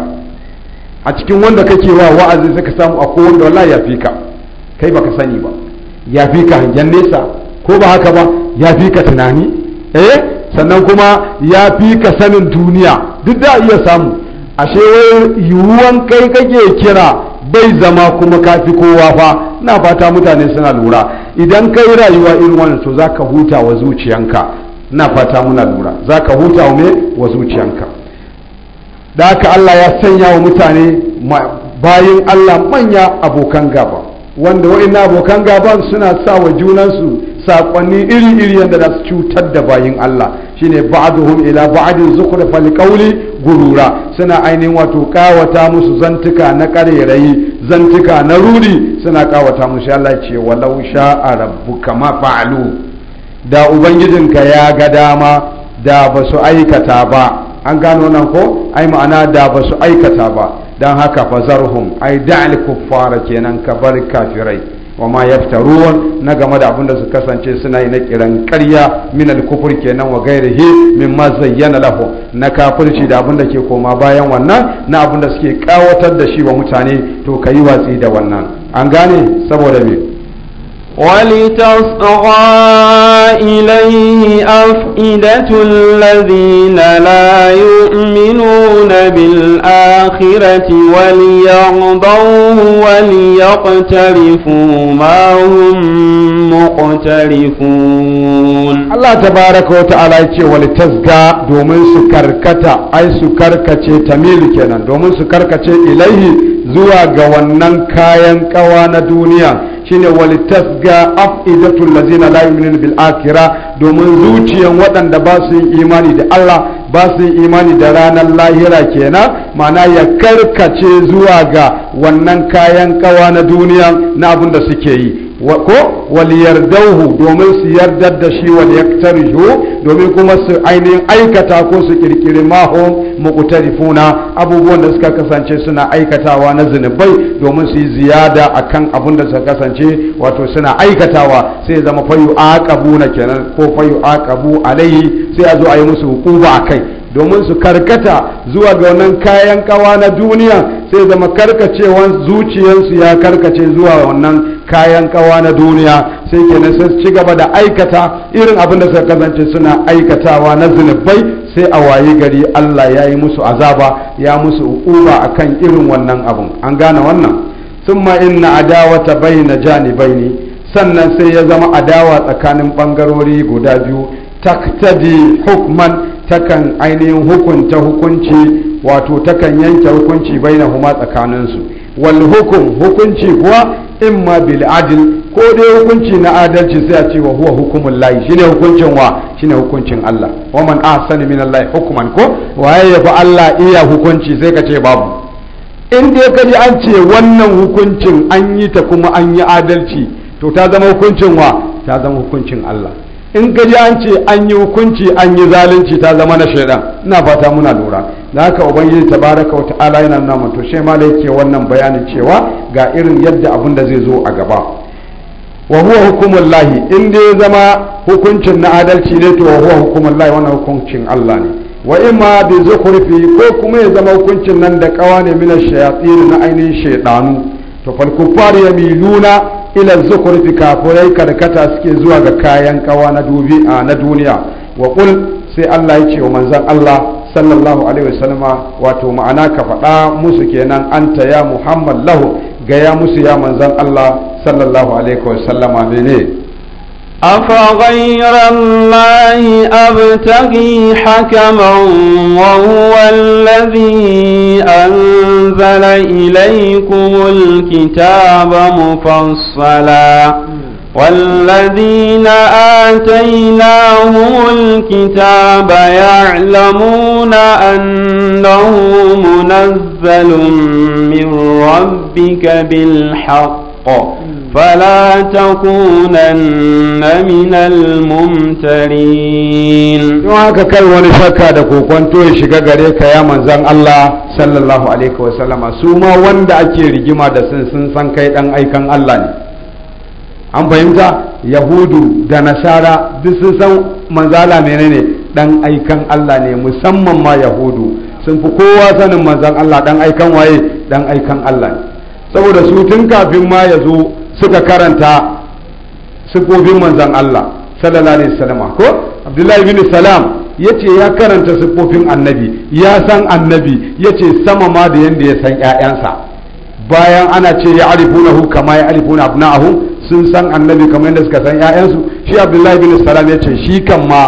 a cikin wanda kake wa wa'azi sai ka samu a wanda wala ya fi ka kai baka sani ba ya fi ka hangen nesa ko ba haka ba ya fi ka tunani eh sannan kuma ya fi ka sanin duniya duk da iya samu ashe yiwuwan kai kake kira bai zama kuma kafi kowa fa na fata mutane suna lura idan kai rayuwa irin wannan to zaka huta wa zuciyanka na fata muna lura zaka huta wa me wa zuciyanka da haka Allah ya sanya wa mutane bayan Allah manya abokan gaba wanda wa'ina abokan gaban suna sa wa junansu saƙonni iri-iri yadda da su cutar da bayin Allah shi shine ba'duhum ila ba'din zukur qawli gurura suna ainihin wato kawata musu zantuka na karerayi zantuka na ruri suna kawata musu Allah ce walau a rabu kama fa'alu da ubangijinka ya ga dama da basu aikata ba an gano nan ko ai ma'ana da ba su aikata ba don haka fazarhum ai da'al kuffara kenan ka bar kafirai wa ma yaftaruwan na game da abinda su kasance suna yi na kiran karya min al-kufur kenan wa min ma zayyana lahu na kafirci da abinda ke koma bayan wannan na abinda da suke kawatar da shi wa mutane to kayi watsi da wannan an gane saboda me ولتصغى إليه أفئدة الذين لا يؤمنون بالآخرة وليرضوه وليقترفوا ما هم مقترفون الله تبارك وتعالى ولتصغى دومن سكركتا أي سكركتي تميل كنا دومن سكركتي إليه zuwa ga wannan kayan kawa na duniya shine walitasga afidatul ladina la yu'minun bil akhirah domin zuciyan waɗanda ba su yin imani da Allah ba su yi imani da ranar lahira kenan mana ya karkace zuwa ga wannan kayan kawa na duniya na abin da suke yi ko waliyardauhu domin su yardar da shi yaktarihu domin kuma su ainihin aikata ko su kirkiri mahon muqtarifuna abubuwan da suka kasance suna aikatawa na zunubai domin su yi ziyada akan abin da suka kasance wato suna aikatawa sai zama fayu na kenan ko fayu aqabu alaihi sai a zo a yi musu hukuma akai domin su karkata zuwa ga wannan kayan kawa na duniya sai zama karkacewan zuciyarsu ya karkace zuwa wannan kayan kawa na duniya sai kenan sai ci gaba da aikata irin abin da suka kasance suna aikatawa na zunubai sai a waye gari Allah ya yi musu azaba ya musu uba akan irin wannan abun an gane wannan sun ma inna adawata bayna janibaini sannan sai ya zama adawa tsakanin bangarori guda biyu taktadi hukman takan ainihin hukunta hukunci wato takan yanke hukunci huma tsakaninsu wal hukum hukunci kuwa imma bil adil ko dai hukunci na adalci sai a ce wa huwa hukumul lahi shine hukuncin wa shine hukuncin Allah wa man ahsana min Allah hukuman ko waye ya fi Allah iya hukunci sai ka ce babu in dai ka ji an ce wannan hukuncin an yi ta kuma an yi adalci to ta zama hukuncin wa ta zama hukuncin Allah in ka ji an ce an yi hukunci an yi zalunci ta zama na shaidan ina fata muna lura da haka ubangiji tabaraka wa ta'ala yana nuna mun to shi ma yake wannan bayanin cewa ga irin yadda abin da zai zo a gaba wa huwa hukumul lahi in dai zama hukuncin na adalci ne to wa huwa hukumul lahi wannan hukuncin Allah ne wa imma bi zukhrifi ko kuma ya zama hukuncin nan da ƙawa ne mina shayatin na ainihin shaiɗanu to fal kuffar yamiluna ila zukurfi kafurai karkata suke zuwa ga kayan kawa na dubi a na duniya wa kul sai Allah ya ce wa manzon Allah sallallahu alaihi wasallam wato ma'ana ka faɗa musu kenan anta ya Muhammad lahu ga ya musu ya manzon Allah sallallahu alaihi wasallama ne أفغير الله أبتغي حكما وهو الذي أنزل إليكم الكتاب مفصلا والذين آتيناهم الكتاب يعلمون أنه منزل من ربك بالحق فلا تكونن من الممترين don haka kai wani shakka da kokonto ya shiga gare ka ya manzan Allah sallallahu alaihi su ma wanda ake rigima da sun sun san kai dan aikan Allah ne an fahimta yahudu da nasara duk sun san manzala menene dan aikan Allah ne musamman ma yahudu sun fi kowa sanin manzan Allah dan aikan waye dan aikan Allah ne saboda su tun kafin ma ya zo suka karanta sifofin manzan Allah sallallahu alaihi wasallam ko Abdullahi bin Salam yace ya karanta siffofin annabi ya san annabi yace sama ma da yanda ya san ƴaƴansa bayan ana ce ya arifunahu kama ya arifuna abnahu sun san annabi kama yadda suka san ƴaƴansu shi Abdullahi bin Salam yace shi kan ma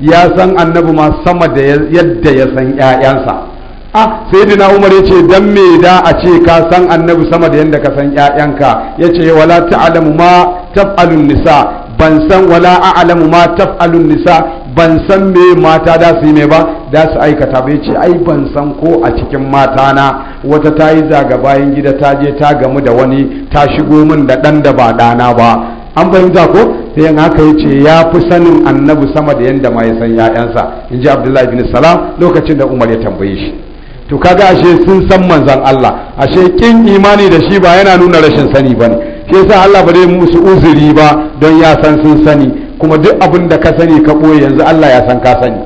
ya san annabi ma sama da yadda ya san ƴaƴansa a ah, sayyidina umar ya ce dan me da a ce ka san annabi sama da yadda ka san ƴaƴanka ce wala ta'lamu ma taf'alun nisa ban san wala a'lamu ma taf'alun nisa ban san me mata da su yi me ba da su aikata ba ce ai ban san ko a cikin mata na wata ta yi zaga bayan gida ta je ta gamu da wani ta shigo min da dan da ba dana ba an fahimta ko sai yin haka ya ce ya fi sanin annabi sama da yadda ma ya san ya'yansa in ji abdullahi bin salam lokacin da umar ya tambaye shi to kaga ashe sun san manzan Allah ashe kin imani da shi ba yana nuna rashin sani bane shi yasa Allah ba zai musu uzuri ba don ya san sun sani kuma duk abin da ka sani ka boye yanzu Allah ya san ka sani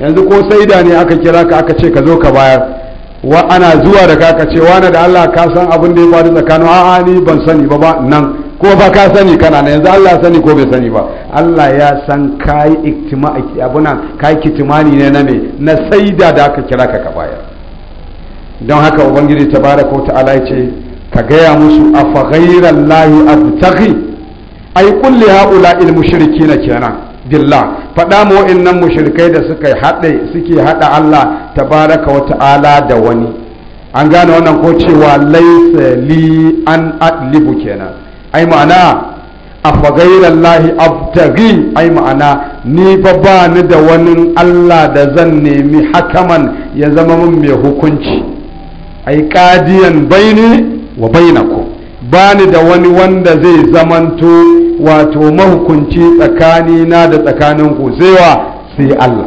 yanzu ko saida ne aka kira ka aka ce ka zo ka bayar wa ana zuwa da ka ce wani da Allah ka san abin da ya faru tsakanin a'a ni ban sani ba ba nan ko ba ka sani kana na yanzu Allah sani ko bai sani ba Allah ya san kai iktima abuna kai kitimani ne na me na saida da aka kira ka ka bayar don haka ubangiji tabaraka ta'ala ya ce ka gaya musu a faghairar lahi abtaghi ai kulli haula il mushrikina kenan billah faɗa mu wa'annan mushirikai da suka haɗe suke haɗa Allah ta wa ta'ala da wani an gane wannan ko cewa laisa li an adlibu kenan ai ma'ana a fagairallahi abtaghi ai ma'ana ni fa ba ni da wani Allah da zan nemi hakaman ya zama min mai hukunci ai qadiyan baini wa bainakum bani da wani wanda zai zamanto wato mahukunci tsakani na da tsakanin ku zaiwa sai Allah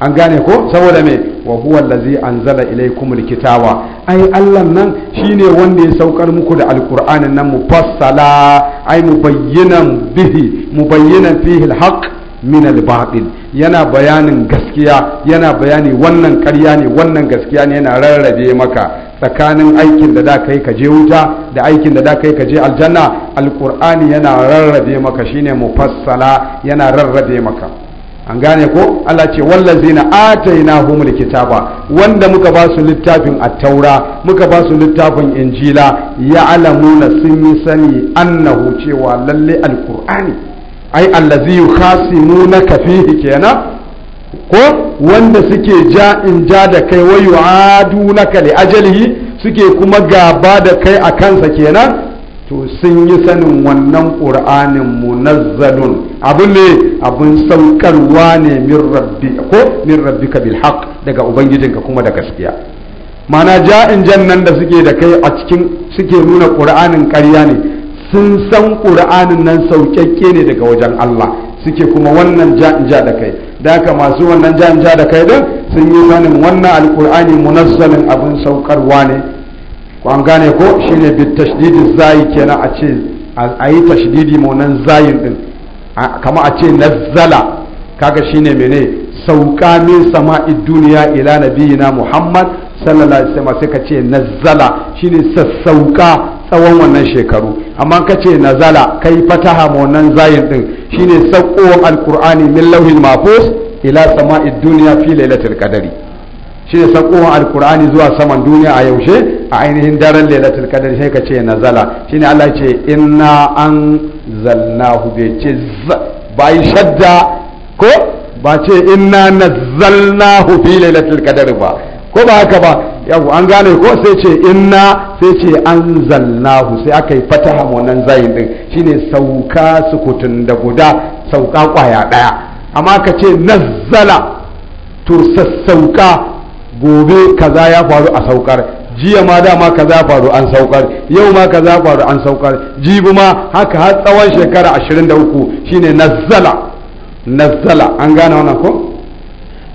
an gane ko saboda me wa huwa allazi anzala ilaykum alkitaba ai Allah nan shine wanda ya saukar muku da alqur'anin nan mufassala ai mubayyinan bihi mubayyinan fihi alhaq min albatil yana bayanin gaskiya yana bayani wannan karya ne wannan gaskiya ne yana rarrabe maka tsakanin aikin da da kai ka je wuta da aikin da da kai ka je aljanna alkur'ani yana rarrabe maka shine mufassala yana rarrabe maka an gane ko Allah ce wallazina atainahumul kitaba wanda muka ba su littafin at-taura muka ba su littafin injila ya'lamuna sun yi sani annahu cewa lalle alkur'ani. ai allazi yukhasimunaka fihi kenan ko wanda suke ja in ja da kai wa yu'adunaka li ajalihi suke kuma gaba da kai a kansa kenan to sun yi sanin wannan ƙur'anin munazzalun abun ne abun saukarwa ne min rabbi ko min rabbika bil haqq daga ubangijinka kuma da gaskiya mana ja'in jannan da suke da kai a cikin suke nuna ƙur'anin ƙarya ne sun san ƙur'anin nan sauƙaƙƙe ne daga wajen Allah suke kuma wannan ja da kai da haka masu wannan ja da kai din sun yi sanin wannan alƙur'ani munazzalin abin saukarwa ne ku an gane ko shine bi tashdidi zayi kenan a ce a yi tashdidi munan zayin din kama a ce nazzala kaga shine mene sauka min sama'i duniya ila nabiyina muhammad sallallahu alaihi wasallam sai ka ce nazzala shine sassauka tsawon wannan shekaru amma ka ce nazala kai fataha ma wannan zayin din shine saukowar alkur'ani min lauhin mafus ila samai duniya fi lailatul qadari shine saukowar alkur'ani zuwa saman duniya a yaushe a ainihin daren lailatul qadari sai ka ce nazala shine Allah ce inna anzalnahu bai ce bai shadda ko ba ce inna nazzalnahu fi lailatul qadari ba ko ba haka ba yau an gane ko sai ce inna sai ce an zallahu sai aka yi fataha wannan zayin din shine sauka sukutun da guda sauka kwaya daya amma ka ce nazzala tursassauka gobe kaza ya faru a saukar jiya ma dama kaza faru an saukar yau ma kaza faru an saukar jibi ma haka har tsawon shekara 23 shine nazzala nazzala an gane wannan ko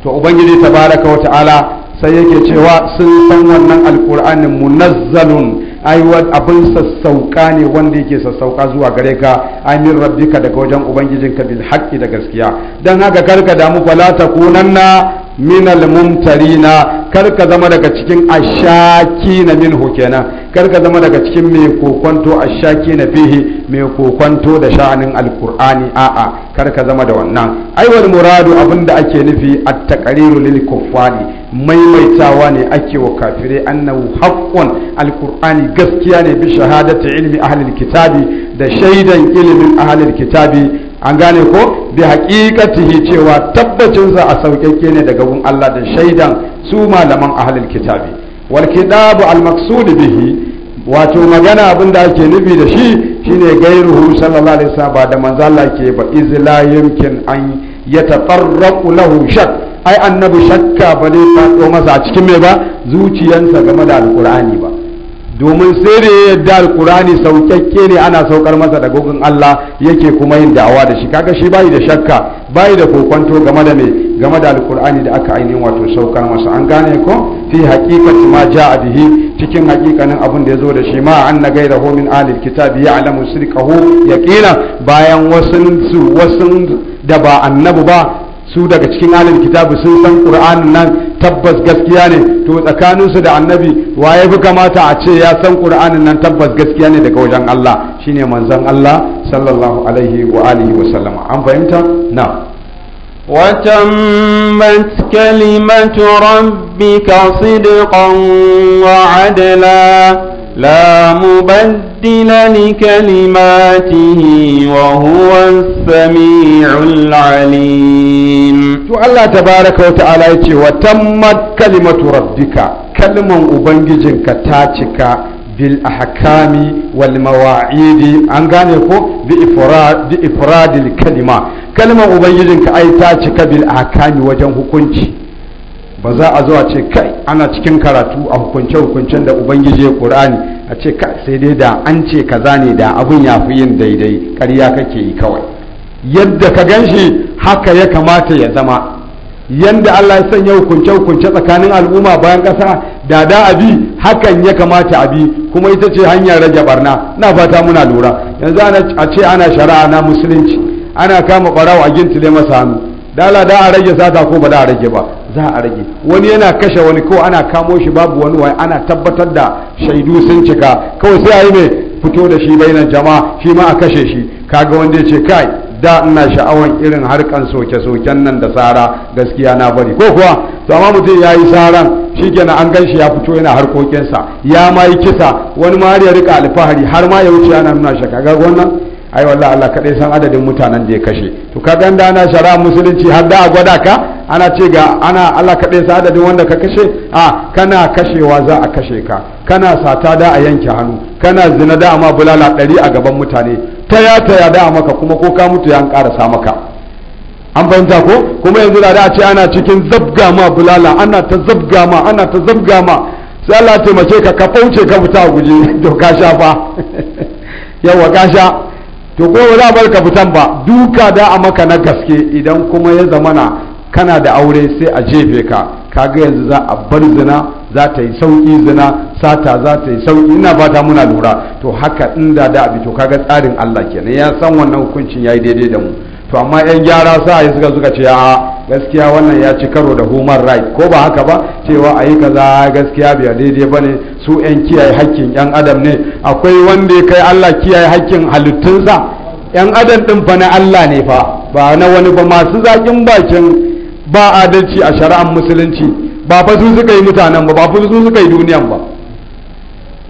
to ubangiji tabaraka wa ta'ala sai yake cewa sun san wannan alkur'anin munazzalun ai abin sassauka ne wanda yake sassauka zuwa gare ka amin rabbika daga wajen ubangijinka bil haqqi da gaskiya dan haka karka damu fala takunanna minal mumtarina kar ka zama daga cikin ashaki na minhu kenan kar ka zama daga cikin mai kokonto ashaki na fihi mai kokonto da sha'anin alkur'ani a'a kar ka zama da wannan aiwal muradu abinda ake nufi at taqriru lil kuffari maimaitawa ne ake wa kafire annahu haqqun alkur'ani gaskiya ne bi shahadati ilmi ahli kitabi da shaidan ilimin ahli kitabi an gane ko bi haƙiƙatihi cewa tabbacinsa a sauƙaƙe ne daga wun Allah da shaidan su malaman ahalil kitabi wal kitabu al maqsud bihi wato magana abin da ake nufi da shi shine gairuhu sallallahu alaihi wasallam ba da manzo Allah ke ba iz la yumkin an yatafarraqu lahu shak ai annabi shakka ba dai fado masa a cikin me ba zuciyarsa game da alqur'ani ba domin sai da ya yarda alkurani saukakke ne ana saukar masa da gogon Allah yake kuma yin da'awa da shi kaga shi bai da shakka bai da kokonto game da me game da alkur'ani da aka ainihin wato saukar masa an gane ko fi haqiqati ma ja'a bihi cikin haqiqanin abin da yazo da shi ma anna ghayrahu min ahli Kitabi, ya'lamu sirqahu yaqina bayan wasun su wasun da ba annabi ba su daga cikin alin kitabu sun san qur'an nan tabbas gaskiya ne to tsakaninsu da annabi waye fi kamata a ce ya san qur'an nan tabbas gaskiya ne daga wajen Allah shine manzon Allah sallallahu alaihi wa alihi wa sallama an fahimta na وتمت كلمة ربك صدقا وعدلا لا مبدل لكلماته وهو السميع العليم تو الله تبارك وتعالى يتي وتمت كلمة ربك كلمة أبنججنك تاتك بالأحكام والمواعيد أنغانيكو بإفراد, بإفراد الكلمة كلمة أبنججنك أي تاتك بالأحكام وجنه كنتي ba za a zo a ce kai ana cikin karatu a hukunce-hukuncen da ubangiji ya ƙorani a ce kai sai dai da an ce za ne da abin ya fi yin daidai ƙarya kake yi kawai yadda ka gan shi haka ya kamata ya zama yadda Allah ya sanya hukunce-hukunce tsakanin al'umma bayan ƙasa da da bi hakan ya kamata a bi kuma ita ce hanyar rage barna na fata muna lura yanzu a ce ana shari'a na musulunci ana kama ɓarawo a gintile masa hannu dala da a rage sata ko ba da a rage ba za a rage wani yana kashe wani ko ana kamo shi babu wani wai ana tabbatar da shaidu sun cika kawai sai a yi mai fito da shi bainan jama shi ma a kashe shi kaga wanda ya ce kai da ina sha'awan irin harkan soke-soken nan da tsara gaskiya na bari ko kuwa to amma mutum ya yi tsaran shi kenan an gan shi ya fito yana harkokinsa ya ma yi kisa wani ma ya rika alfahari har ma ya wuce yana nuna shaka ga wannan ai walla Allah kadai san adadin mutanen da ya kashe to ka ganda ana shara musulunci har da a gwada ka ana ce ga ana Allah kadai san adadin wanda ka kashe a kana kashewa za a kashe ka kana sata da a yanke hannu kana zina da ma bulala ɗari a gaban mutane ta ta taya da maka kuma ko ka mutu ya an karasa maka an fahimta ko kuma yanzu da a ce ana cikin zabga ma bulala ana ta zabga ma ana ta zabga ma sai Allah taimake ka ka fauce ka fita a guje to ka sha fa yawa ka sha to ko za a bar ka fitan ba duka da a maka na gaske idan kuma ya zamana kana da aure sai a jefe ka ka ga yanzu za a bar zina za ta yi sauki zina sata za ta yi sauki ina fata muna lura to haka inda da abi to kaga tsarin Allah kenan ya san wannan hukuncin yayi daidai da mu to amma yan gyara sa yi suka suka ce a gaskiya wannan ya ci karo da human right ko ba haka ba cewa a yi kaza gaskiya biya daidai ba ne su yan kiyaye haƙƙin yan adam ne akwai wanda ya kai allah kiyaye haƙƙin halittunsa yan adam ɗin fa na allah ne fa ba na wani ba masu zaƙin bakin ba adalci a shari'ar musulunci ba fa su suka yi mutanen ba ba fa su suka yi duniyan ba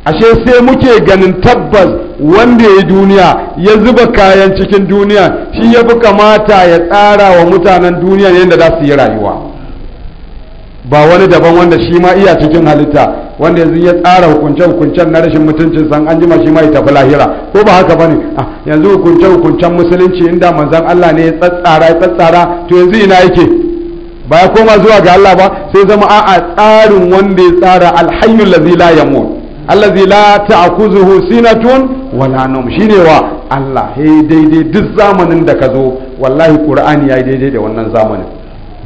ashe sai muke ganin tabbas wanda ya yi duniya ya zuba kayan cikin duniya shi ya fi kamata ya tsara wa mutanen duniya yadda za su yi rayuwa ba wani daban wanda shi ma iya cikin halitta wanda yanzu ya tsara hukunce-hukuncen na rashin mutuncin san an jima shi ma ya tafi lahira ko ba haka bane ah, yanzu hukunce-hukuncen musulunci inda manzon Allah ne ya tsatsara ya tsatsara to yanzu ina yake ba ya koma zuwa ga Allah ba sai zama a'a tsarin wanda ya tsara alhayyul ladzi la yamut allazi la ta'khuzuhu sinatun wala nawm shine wa Allah he daidai duk zamanin da ka zo wallahi qur'ani yayi daidai da wannan zamanin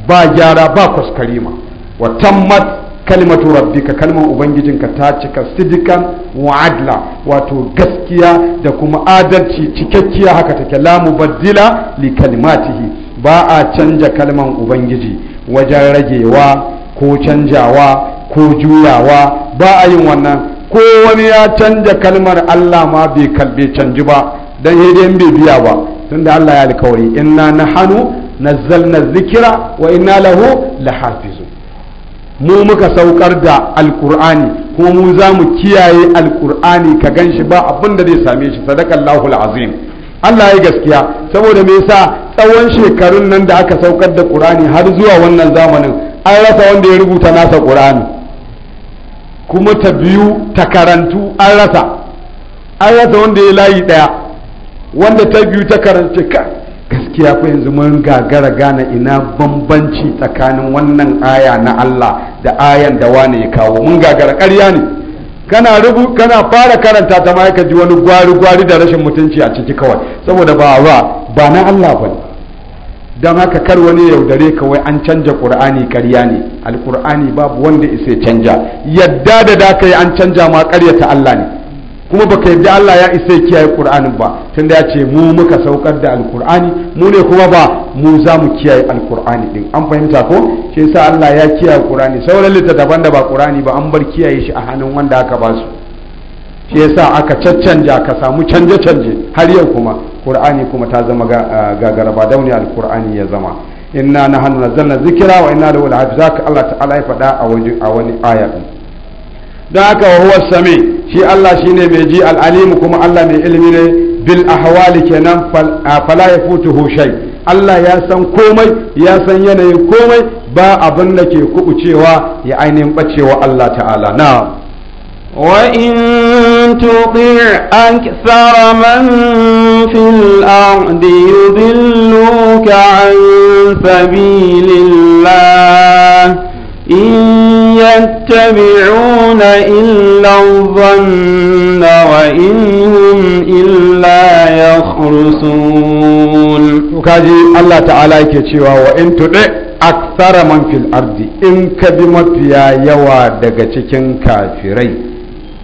ba gyara ba kuskarima wa tammat kalimatu rabbika kalman ubangijinka ta cika sidikan wa adla wato gaskiya da kuma adalci cikakkiya haka take la mubaddila li kalimatihi ba a canja kalman ubangiji wajen ragewa ko canjawa ko juyawa ba a yin wannan ko wani ya canja kalmar Allah ma bai kalbe canji ba dan dai bai biya ba tunda Allah ya alkawari inna nahanu nazzalna zikira wa inna lahu lahafizun mu muka saukar da alkur'ani kuma mu za mu kiyaye alkur'ani ka ganshi ba abinda zai same shi sadakallahu alazim Allah ya gaskiya saboda me yasa tsawon shekarun nan da aka saukar da Qur'ani har zuwa wannan zamanin an rasa wanda ya rubuta nasa Qur'ani kuma ta biyu ta karantu an rasa an rasa wanda ya layi ɗaya wanda ta biyu ta karanci ka gaskiya fa yanzu mun gagara gane ina bambanci tsakanin wannan aya na Allah da ayan da wani ya kawo mun gagara ƙarya ne kana rubu kana fara karanta ta ma ji wani gwari gwari da rashin mutunci a ciki kawai saboda ba ba ba na Allah bane don haka kar wani yaudare ka wai an canja ƙur'ani karya ne alƙur'ani babu wanda isa canja yadda da da ka an canja ma ƙaryata Allah ne kuma baka yadda Allah ya isa kiyaye ƙur'anin ba tun da ya ce mu muka saukar da alƙur'ani mu ne kuma ba mu za mu kiyaye alƙur'ani din an fahimta ko shi yasa Allah ya kiyaye ƙur'ani sauran littattafan da ba ƙur'ani ba an bar kiyaye shi a hannun wanda aka ba su shi sa aka caccanja ka samu canje-canje har yau kuma ƙur'ani kuma ta zama ga ah, ba dauni alqur'ani ya zama inna na zanna zikira wa inna za ka Allah ta'ala ya faɗa a wani aya don haka wa huwa sami shi Allah shine mai ji al'alimu kuma Allah mai ilimi ne bil a ahwali kenan ah, fala ya futu hushai Allah ya san komai ya san yanayin komai ba abin da ke kubucewa ya ainihin bacewa Allah ta'ala na وإن تطع أكثر من في الأرض يضلوك عن سبيل الله إن يتبعون إلا الظن وإن هم إلا يخرسون وكاجي الله تعالى كتشوا وإن تطع aksara man fil ardi in ka bi mafiya yawa daga cikin kafirai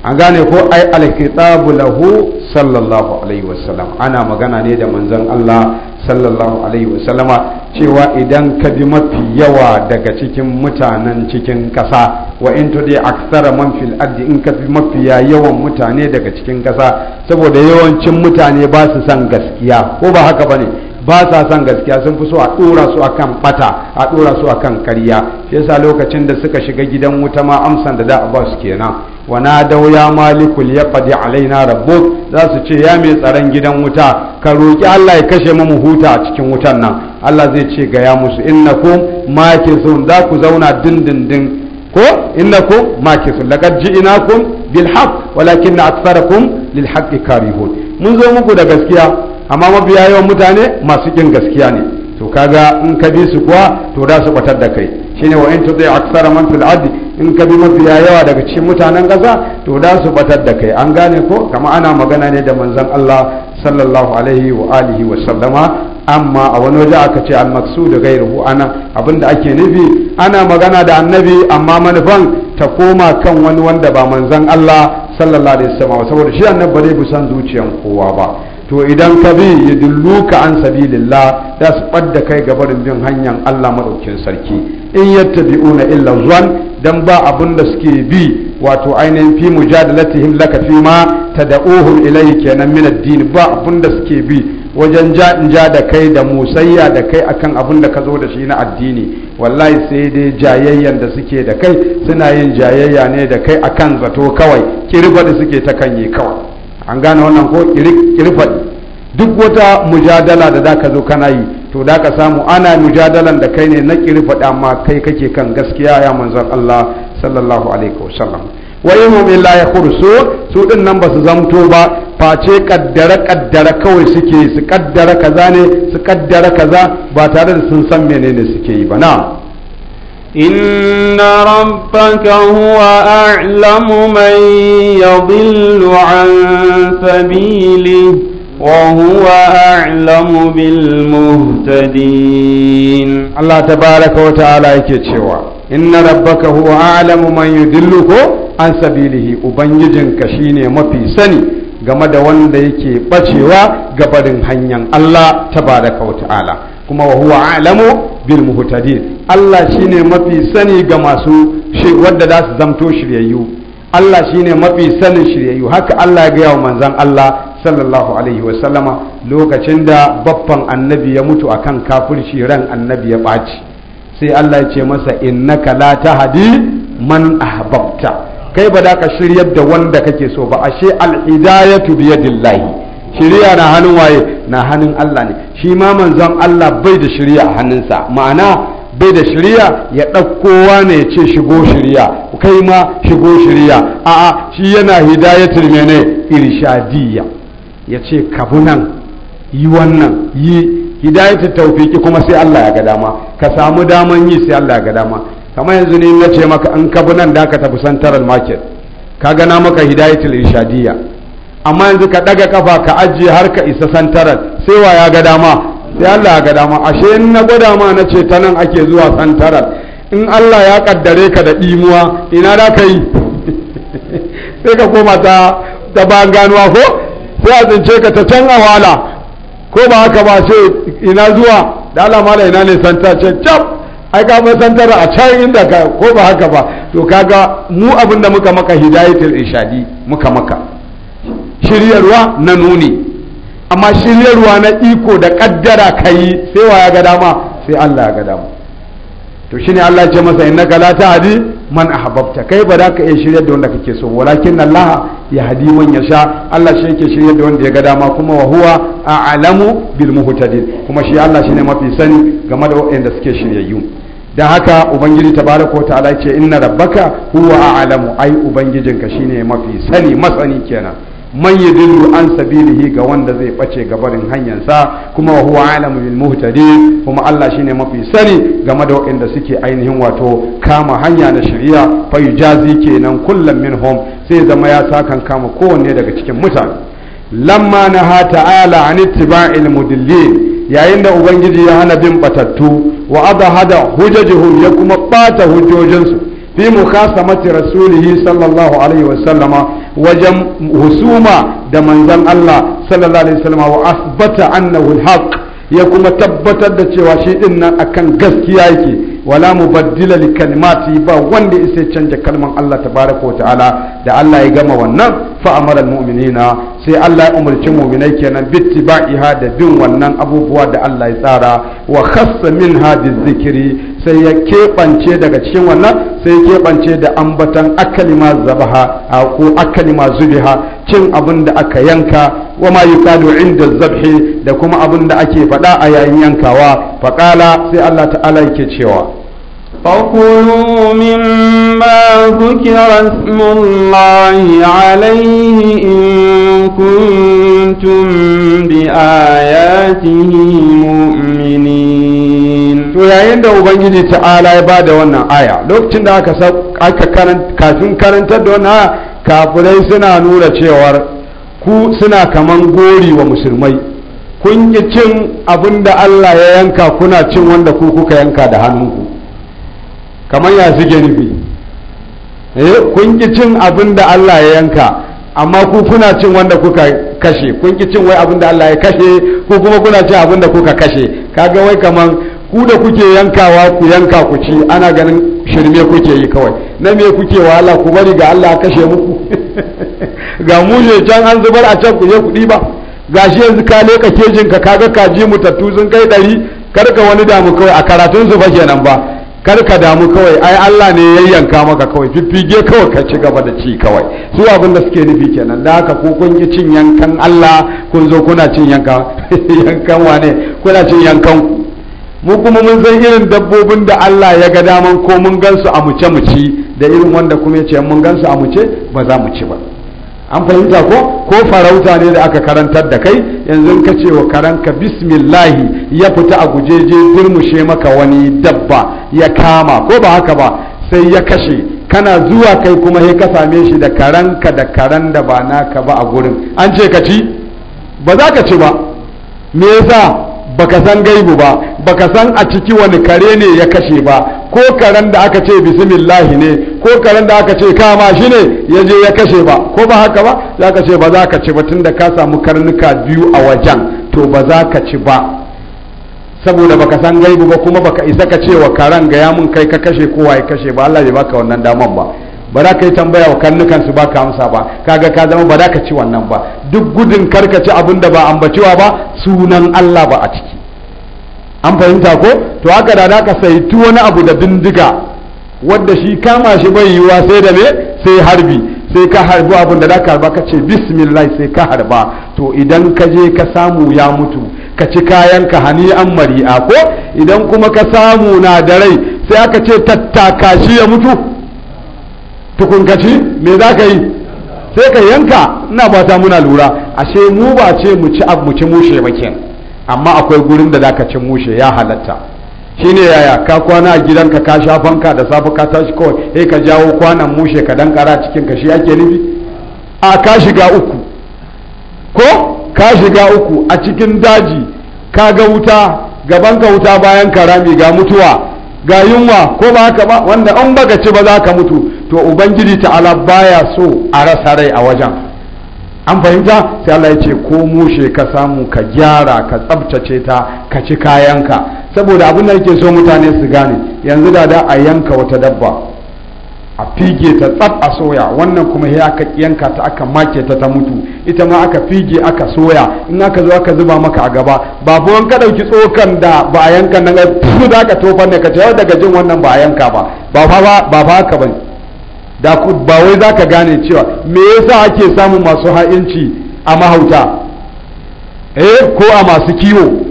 an gane ko ai alkitabu lahu sallallahu alaihi wasallam ana magana ne da manzon Allah sallallahu alaihi wasallama cewa idan ka bi mafi yawa daga cikin mutanen cikin kasa wa in tudi aksara man fil ardi in ka bi mafi yawan mutane daga cikin kasa saboda yawancin mutane ba su san gaskiya ko ba haka bane ba sa son gaskiya sun fi so a ɗora su akan bata a ɗora su akan kariya shi yasa lokacin da suka shiga gidan wuta ma amsan da da ba su kenan wana dau ya maliku alaina rabbuk za su ce ya mai tsaron gidan wuta ka roki Allah ya kashe mu huta a cikin wutan nan Allah zai ce ga ya musu innakum makizun za ku zauna dindindin ko innakum su laqad ji'nakum bil haqq walakin aktharakum lil haqqi karihun mun zo muku da gaskiya amma mabiya yawan mutane masu kin gaskiya ne to kaga in ka bi su kuwa to da su batar da kai shine wa in tudai aksara man fil adi in ka bi mafiya yawa daga cikin mutanen kasa to da su batar da kai an gane ko kama ana magana ne da manzon Allah sallallahu alaihi wa alihi wa sallama amma a wani waje aka ce al-maqsud ghayruhu ana abinda ake nufi ana magana da annabi amma manufan ta koma kan wani wanda ba manzon Allah sallallahu alaihi wa sallama saboda shi annabi bai san zuciyan kowa ba to idan ka bi ya ka an lillah za su ɓadda kai gabarin bin hanyar Allah maɗaukin sarki in yadda una illa zuwan dan ba abin da suke bi wato ainihin fi mujadalatihim laka fi ma ta da ohun ilai kenan min addini ba abin da suke bi wajen ja da kai da musayya da kai akan abin da ka zo da shi na addini wallahi sai dai jayayyan da suke da kai suna yin jayayya ne da kai akan zato kawai kirba da suke ta yi kawai an gane wannan ko kirfat duk wata mujadala da za ka zo kana yi to da ka samu ana mujadalan da kai ne na kirfat amma kai kake kan gaskiya ya manzan Allah sallallahu alaihi wasallam wa yahum illa yakhursu su din nan ba su zamto ba face kaddara kaddara kawai suke su kaddara kaza ne su kaddara kaza ba tare da sun san menene suke yi ba na. إن ربك هو أعلم من يضل عن سبيله وهو أعلم بالمهتدين الله تبارك وتعالى يكتشوا إن ربك هو أعلم من يدلك عن سبيله وبنجن كشين مفي سني game da wanda yake bacewa gabarin hanyar Allah tabaraka wa ta'ala kuma wa huwa alamu bil muhtadin Allah shine mafi sani ga masu shi wanda za su zamto shiryayyu Allah shine mafi sanin shiryayyu haka Allah ya gaya wa manzon Allah sallallahu alaihi wa sallama lokacin da babban annabi ya mutu akan kafirci ran annabi ya baci sai Allah ya ce masa innaka la tahdi man ahbabta kai ba da ka shiryar da wanda kake so ba ashe al-hidayatu biyadillahi shirya na hannun waye na hannun Allah ne shi ma manzon Allah bai da shirya a hannunsa ma'ana bai da shirya ya ɗaukowa ne ya ce shigo shiriya kai ma shigo shiriya a'a shi yana hidayatul mene irshadiyya ya ce kabu nan yi wannan yi hidayatul taufiki kuma sai Allah ya ga dama ka samu daman yi sai Allah ya ga dama kamar yanzu ne na ce maka an kabu nan da ka tafi santaral market ka gana maka hidayatul irshadiyya amma yanzu ka ɗaga kafa ka ajiye har ka isa santaral sai wa ya ga dama sai Allah ya ga dama ashe in na gwada ma na ce ta nan ake zuwa santaral in Allah ya kaddare ka da ɗimuwa ina da ka yi sai ka koma ta ta ganuwa ko sai a zance ka ta can awala ko ba haka ba ce ina zuwa da Allah mala ina ne santar ce cap ai ka ba santar a can inda ka ko ba haka ba to kaga mu abin da muka maka hidayatul irshadi muka maka shiryarwa na nuni amma shiryarwa na iko da kaddara kai sai wa ya ga dama sai Allah ya ga dama to shine Allah ya ce masa innaka la tahdi man ahbabta kai ba za ka iya shiryar da wanda kake so walakin Allah ya hadi man yasha Allah shi yake shiryar da wanda ya ga dama kuma wa huwa a'lamu bil muhtadin kuma shi Allah shine mafi sani game da waɗanda suke shiryayyu da haka ubangiji tabaraka wa ta'ala ce inna rabbaka huwa a'lamu ai ubangijinka shine mafi sani masani kenan man yadullu an sabilihi ga wanda zai bace ga barin hanyarsa kuma wa huwa alamu bil muhtadi kuma Allah shine mafi sani game da waɗanda suke ainihin wato kama hanya na shari'a fa yujazi kenan kullum minhum sai zama ya sakan kama kowanne daga cikin mutane lamma naha ta'ala an ittiba'il mudillin yayin da ubangiji ya hana bin batattu wa adhada hujajuhum ya kuma bata hujjojinsu fi mukasamati rasulihi sallallahu alaihi wasallama wajen husuma da manzon Allah sallallahu alaihi wasallam wa asbata annahu alhaq ya kuma tabbatar da cewa shi din nan akan gaskiya yake wala mubaddila li kalimati ba wanda isa canza kalman Allah tabaraka wa ta'ala da Allah ya gama wannan fa amara almu'minina sai Allah ya umarci mu'minai kenan bittiba'iha da bin wannan abubuwa da Allah ya tsara wa khassa minha zikiri, sai ya kebance daga cikin wannan sai ya kebance da ambatan akalima zabaha ko akalima zubiha cin abin da aka yanka wa ma yuqalu inda zabhi da kuma abin da ake faɗa a yayin yankawa faqala sai Allah ta'ala yake cewa فكلوا مما ذكر اسم الله عليه إن كنتم بآياته مؤمنين to yayin da ubangiji ta'ala ya bada wannan aya lokacin da aka aka kafin karantar da wannan aya kafirai suna nuna cewar ku suna kaman gori wa musulmai kun yi cin abin da Allah ya yanka kuna cin wanda ku kuka yanka da hannunku kamar ya su girbi eh, kun ki cin abin da Allah ya yanka amma ku kuna cin wanda kuka kashe kun ki cin wai abin da Allah ya kashe ko kuma kuna cin abin da kuka kashe kaga wai kaman ku da kuke yankawa ku yanka ku ci ana ganin shirme kuke yi kawai na me kuke wa Allah ku bari ga Allah kashe muku ga muje can an zubar a can ku je ku ɗiba gashi yanzu ka leka kejin ka kaga kaji mutattu sun kai ɗari karka wani damu kawai a karatun su fa kenan ba kar ka damu kawai ai Allah ne ya yanka maka kawai fiffige kawai ka ci gaba da ci kawai su abin da suke nufi kenan da haka ko kun yi cin yankan Allah kun zo kuna cin yanka yankan wane kuna cin yankan mu kuma mun san irin dabbobin da Allah ya ga daman ko mun gansu a muce muci da irin wanda kuma ya ce mun gansu a muce ba za mu ci ba an fahimta ko ko farauta ne da aka karantar da kai yanzu ka ce wa karanka bismillahi ya fita a gujeje durmushe maka wani dabba ya kama ko ba haka ba sai ya kashe kana zuwa kai kuma sai ka same shi da karanka da karan da ba naka ba a gurin an ce ka ci ba za ka ci ba me yasa baka san gaibu ba baka san a ciki wani kare ne ya kashe ba ko karan da aka ce bismillahi ne ko karen da aka ce kama shi ne ya je ya kashe ba ko ba haka ba za ka ce ba za ka ci ba tun da ka samu karnuka biyu a wajen to ba za ka ci ba saboda baka san gaibu ba kuma baka isa ka ce wa karen ga yamin kai ka kashe kowa ya kashe ba Allah ya baka wannan daman ba ba za ka yi tambaya wa karnukan su baka amsa ba kaga ka zama ba za ka ci wannan ba duk gudun ci abin da ba ambacewa ba sunan Allah ba a ciki an fahimta ko to haka da ka tuwo wani abu da bindiga wadda shi kama shi bai yiwuwa sai da me sai harbi sai ka harbi abin da zaka harba ka ce bismillah sai ka harba to idan ka je ka samu ya mutu ka ci kayan ka hani an mari'a ko idan kuma ka samu na da rai sai aka ce tattaka shi ya mutu tukunkaci me za ka yi sai ka yanka ina bata muna lura ashe mu ba ce mu ci abu mu ci mushe ba amma akwai gurin da zaka ci mushe ya halatta shine yaya ka kwana a gidanka ka sha fanka da safe ka tashi kawai sai ka jawo kwanan mushe ka dan kara cikin ka shi ake nufi a ka shiga uku ko ka shiga uku a cikin daji ka ga wuta gaban ka wuta bayan karami ga mutuwa ga yunwa ko ba haka ba wanda an baka ci ba za ka mutu to ubangiji ala baya so a rasa rai a wajen an fahimta sai Allah ya ce ko mushe ka samu ka gyara ka tsabtace ta ka ci kayanka saboda abin da yake so mutane su gane yanzu da da a yanka wata dabba a fige ta tsaf a soya wannan kuma ya aka yanka ta aka make ta ta mutu ita ma aka fige aka soya in aka zo aka zuba maka a gaba ba buwan ka dauki tsokan da ba a yanka nan su za ka tofar ne ka ce daga jin wannan ba a yanka ba ba ba haka bane da ba wai za ka gane cewa me yasa ake samun masu ha'inci a mahauta eh ko a masu kiwo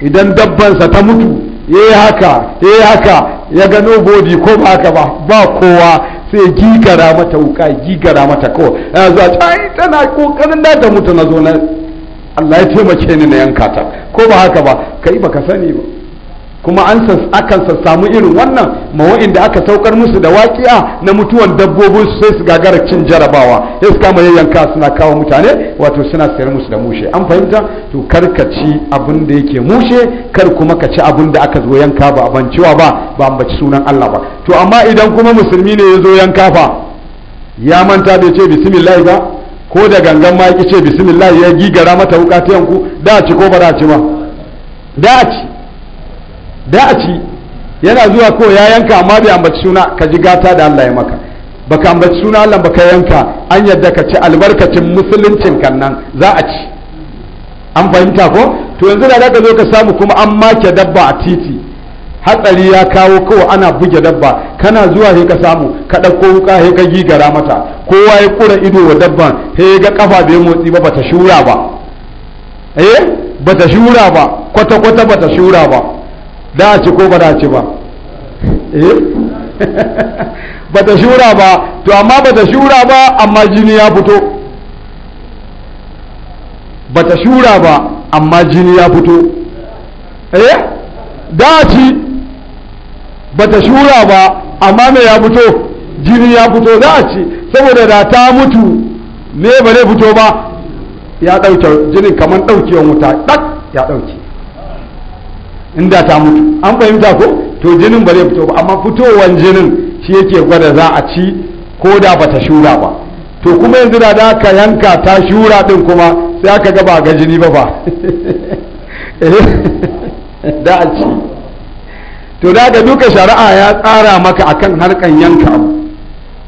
idan dabbansa ta mutu ya yi haka ya yi haka ya gano bodi ko ba haka ba kowa sai gigara mata wuka gigara mata ko ya zuwa ai tana kokarin da ta mutu na zo na Allah ya taimake ni na yanka ta ko ba haka ba kai baka sani ba kuma an akan samu irin wannan mawa'in da aka saukar musu da waƙiya na mutuwan dabbobin su sai su gagara cin jarabawa sai su kama yayyanka suna kawo mutane wato suna sayar musu da mushe an fahimta to kar ka ci abin da yake mushe kar kuma ka ci abin da aka zo yanka ba abancewa ba ba ambaci sunan Allah ba to amma idan kuma musulmi ne ya zo yanka fa ya manta bai ce bismillah ba ko da gangan ma ya ce bismillah ya gigara mata wuka ta yanku da ci ko ba da ci ba da ci da a ci yana zuwa ko ya yanka amma bai ambaci suna ka ji gata da Allah ya maka baka ambaci suna Allah baka yanka an yadda ka ci albarkacin musuluncin kan nan za a ci an fahimta ko to yanzu da ka zo ka samu kuma an make dabba a titi hatsari ya kawo kowa ana buge dabba kana zuwa he ka samu ka ɗauko wuka he ka gigara mata kowa ya kura ido wa dabban he ga kafa bai motsi ba bata shura ba eh bata shura ba kwata kwata bata shura ba da a ko ba da a ba eh? ba ta shura ba to amma ba ta shura ba amma jini ya fito ba ta shura ba amma jini ya fito eh da a ba ta shura ba amma me ya fito jini ya fito dace a saboda da ta mutu ne ba zai fito ba ya ɗauke jini kamar ɗaukewan wuta ɗak ya ɗauke inda ta mutu an fahimta ko to jinin ba zai fito ba amma fitowar jinin shi yake gwada za a ci ko da ba ta shura ba to kuma yanzu da aka yanka ta shura din kuma sai aka ga ba ga jini ba ba da a ci to da ga duka shari'a ya tsara maka akan harkan yanka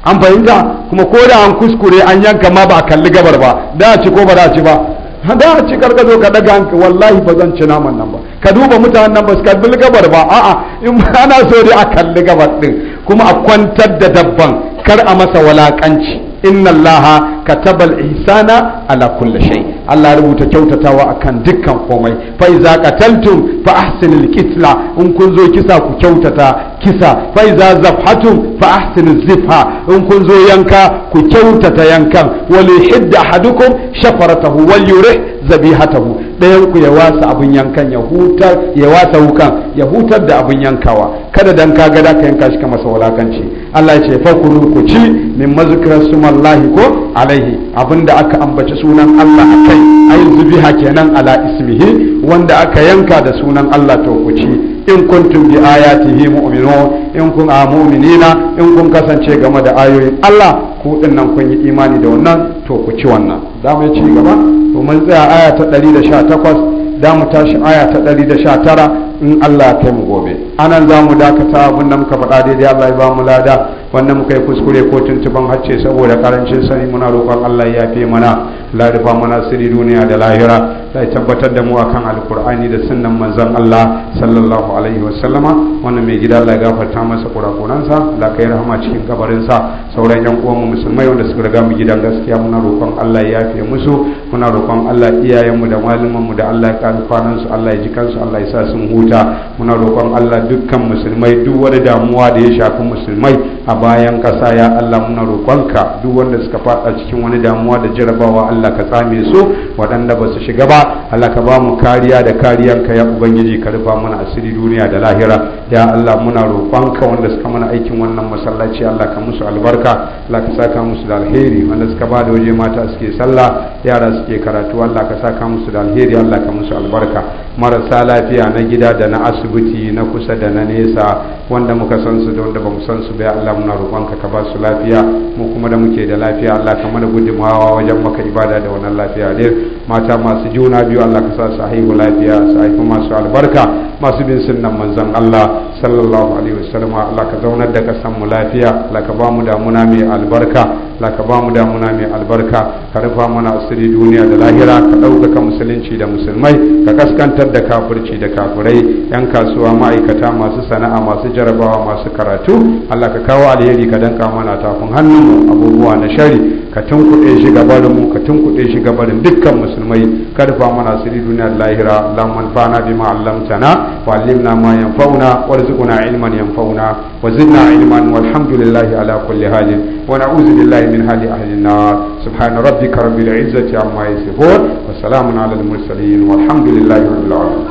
an fahimta kuma ko da an kuskure an yanka ma ba a kalli gabar ba da a ci ko ba da a ci ba da ci karka zo ka daga hanka wallahi ba zan ci naman nan ba ka duba mutanen nan ba su kalli gabar ba a'a in ana so dai a kalli gabar din kuma a kwantar da dabban kar a masa walakanci inna laha katabal ihsana ala kulli shay Allah rubuta kyautatawa akan dukkan komai fa iza qataltum fa ahsinul qitla in kun zo kisa ku kyautata kisa fa iza zafhatum fa ahsinuz zifha in kun zo yanka ku kyautata yankan wal yuhidda ahadukum shafaratahu wal yurih zabihatahu ɗayan ku ya wasa abin yankan ya hutar ya wasa wukan ya hutar da abin yankawa kada dan ka ga ka yanka shi masa wulakanci Allah ya ce fakulu ku ci min mazkar sumallahi ko alaihi abinda aka ambaci sunan Allah akai ai zubiha kenan ala ismihi wanda aka yanka da sunan Allah to ku ci in kuntum bi ayatihi mu'minun in kun amuminina in kun kasance game da ayoyin Allah ku nan kun yi imani da wannan to ku ci wannan za mu ci gaba to mun tsaya aya ta 118 da mu tashi aya ta 119 in Allah ya kai mu gobe anan za mu dakata abin da muka faɗa daidai Allah ya ba mu lada wanda muka yi kuskure ko tuntuban hacce saboda karancin sani muna roƙon Allah ya yafe mana Allah ya rufa mana sirri duniya da lahira ya tabbatar da mu akan alkur'ani da sunnan manzon Allah sallallahu alaihi sallama wannan mai gida Allah ya gafarta masa kurakuransa Allah kai rahama cikin kabarinsa sauran yan uwan musulmai wanda suka riga mu gidan gaskiya muna roƙon Allah ya yafe musu muna roƙon Allah iyayenmu da mu da Allah ya kwanan su Allah ya ji kansu Allah ya sa sun huta muna roƙon Allah dukkan musulmai duk wani damuwa da ya shafi musulmai a bayan kasa ya Allah muna roƙonka duk wanda suka faɗa cikin wani damuwa da jarabawa Allah ka tsame su waɗanda ba su shiga ba Allah ka ba mu kariya da kariyanka ya ubangiji ka rufa mana asiri duniya da lahira ya Allah muna roƙonka wanda suka mana aikin wannan masallaci Allah ka musu albarka Allah ka saka musu da alheri wanda suka ba da waje mata suke sallah yara suke karatu Allah ka saka musu da alheri Allah ka musu albarka marasa lafiya na gida da na asibiti na kusa da na nesa wanda muka san su da wanda bamu san su ba Allah muna roƙonka ka ba su lafiya mu kuma da muke da lafiya Allah ka mana gudunmawa wajen maka ibada da wannan lafiya ne mata masu jiwo juna biyu Allah ka sa su haihu lafiya su haifi masu albarka masu bin sunnan manzon Allah sallallahu alaihi wasallam Allah ka zaunar da kasan mu lafiya Allah ka ba mu damuna mai albarka Allah ka ba mu damuna mai albarka ka rufa mana asiri duniya da lahira ka ɗaukaka musulunci da musulmai ka kaskantar da kafirci da kafirai yan kasuwa ma'aikata masu sana'a masu jarabawa masu karatu Allah ka kawo alheri ka danka mana tafin hannun abubuwa na shari ka tunkuɗe shi barin mu ka tunkuɗe shi barin dukkan musulmai ka rufa mana asiri duniya da lahira lamman fana bima na wa allimna ma yanfa'una warzuqna ilman yanfa'una wa zidna ilman walhamdulillahi ala kulli halin wa na'udzu billahi من حال أهل النار سبحان ربك رب العزة عما يصفون وسلام على المرسلين والحمد لله رب العالمين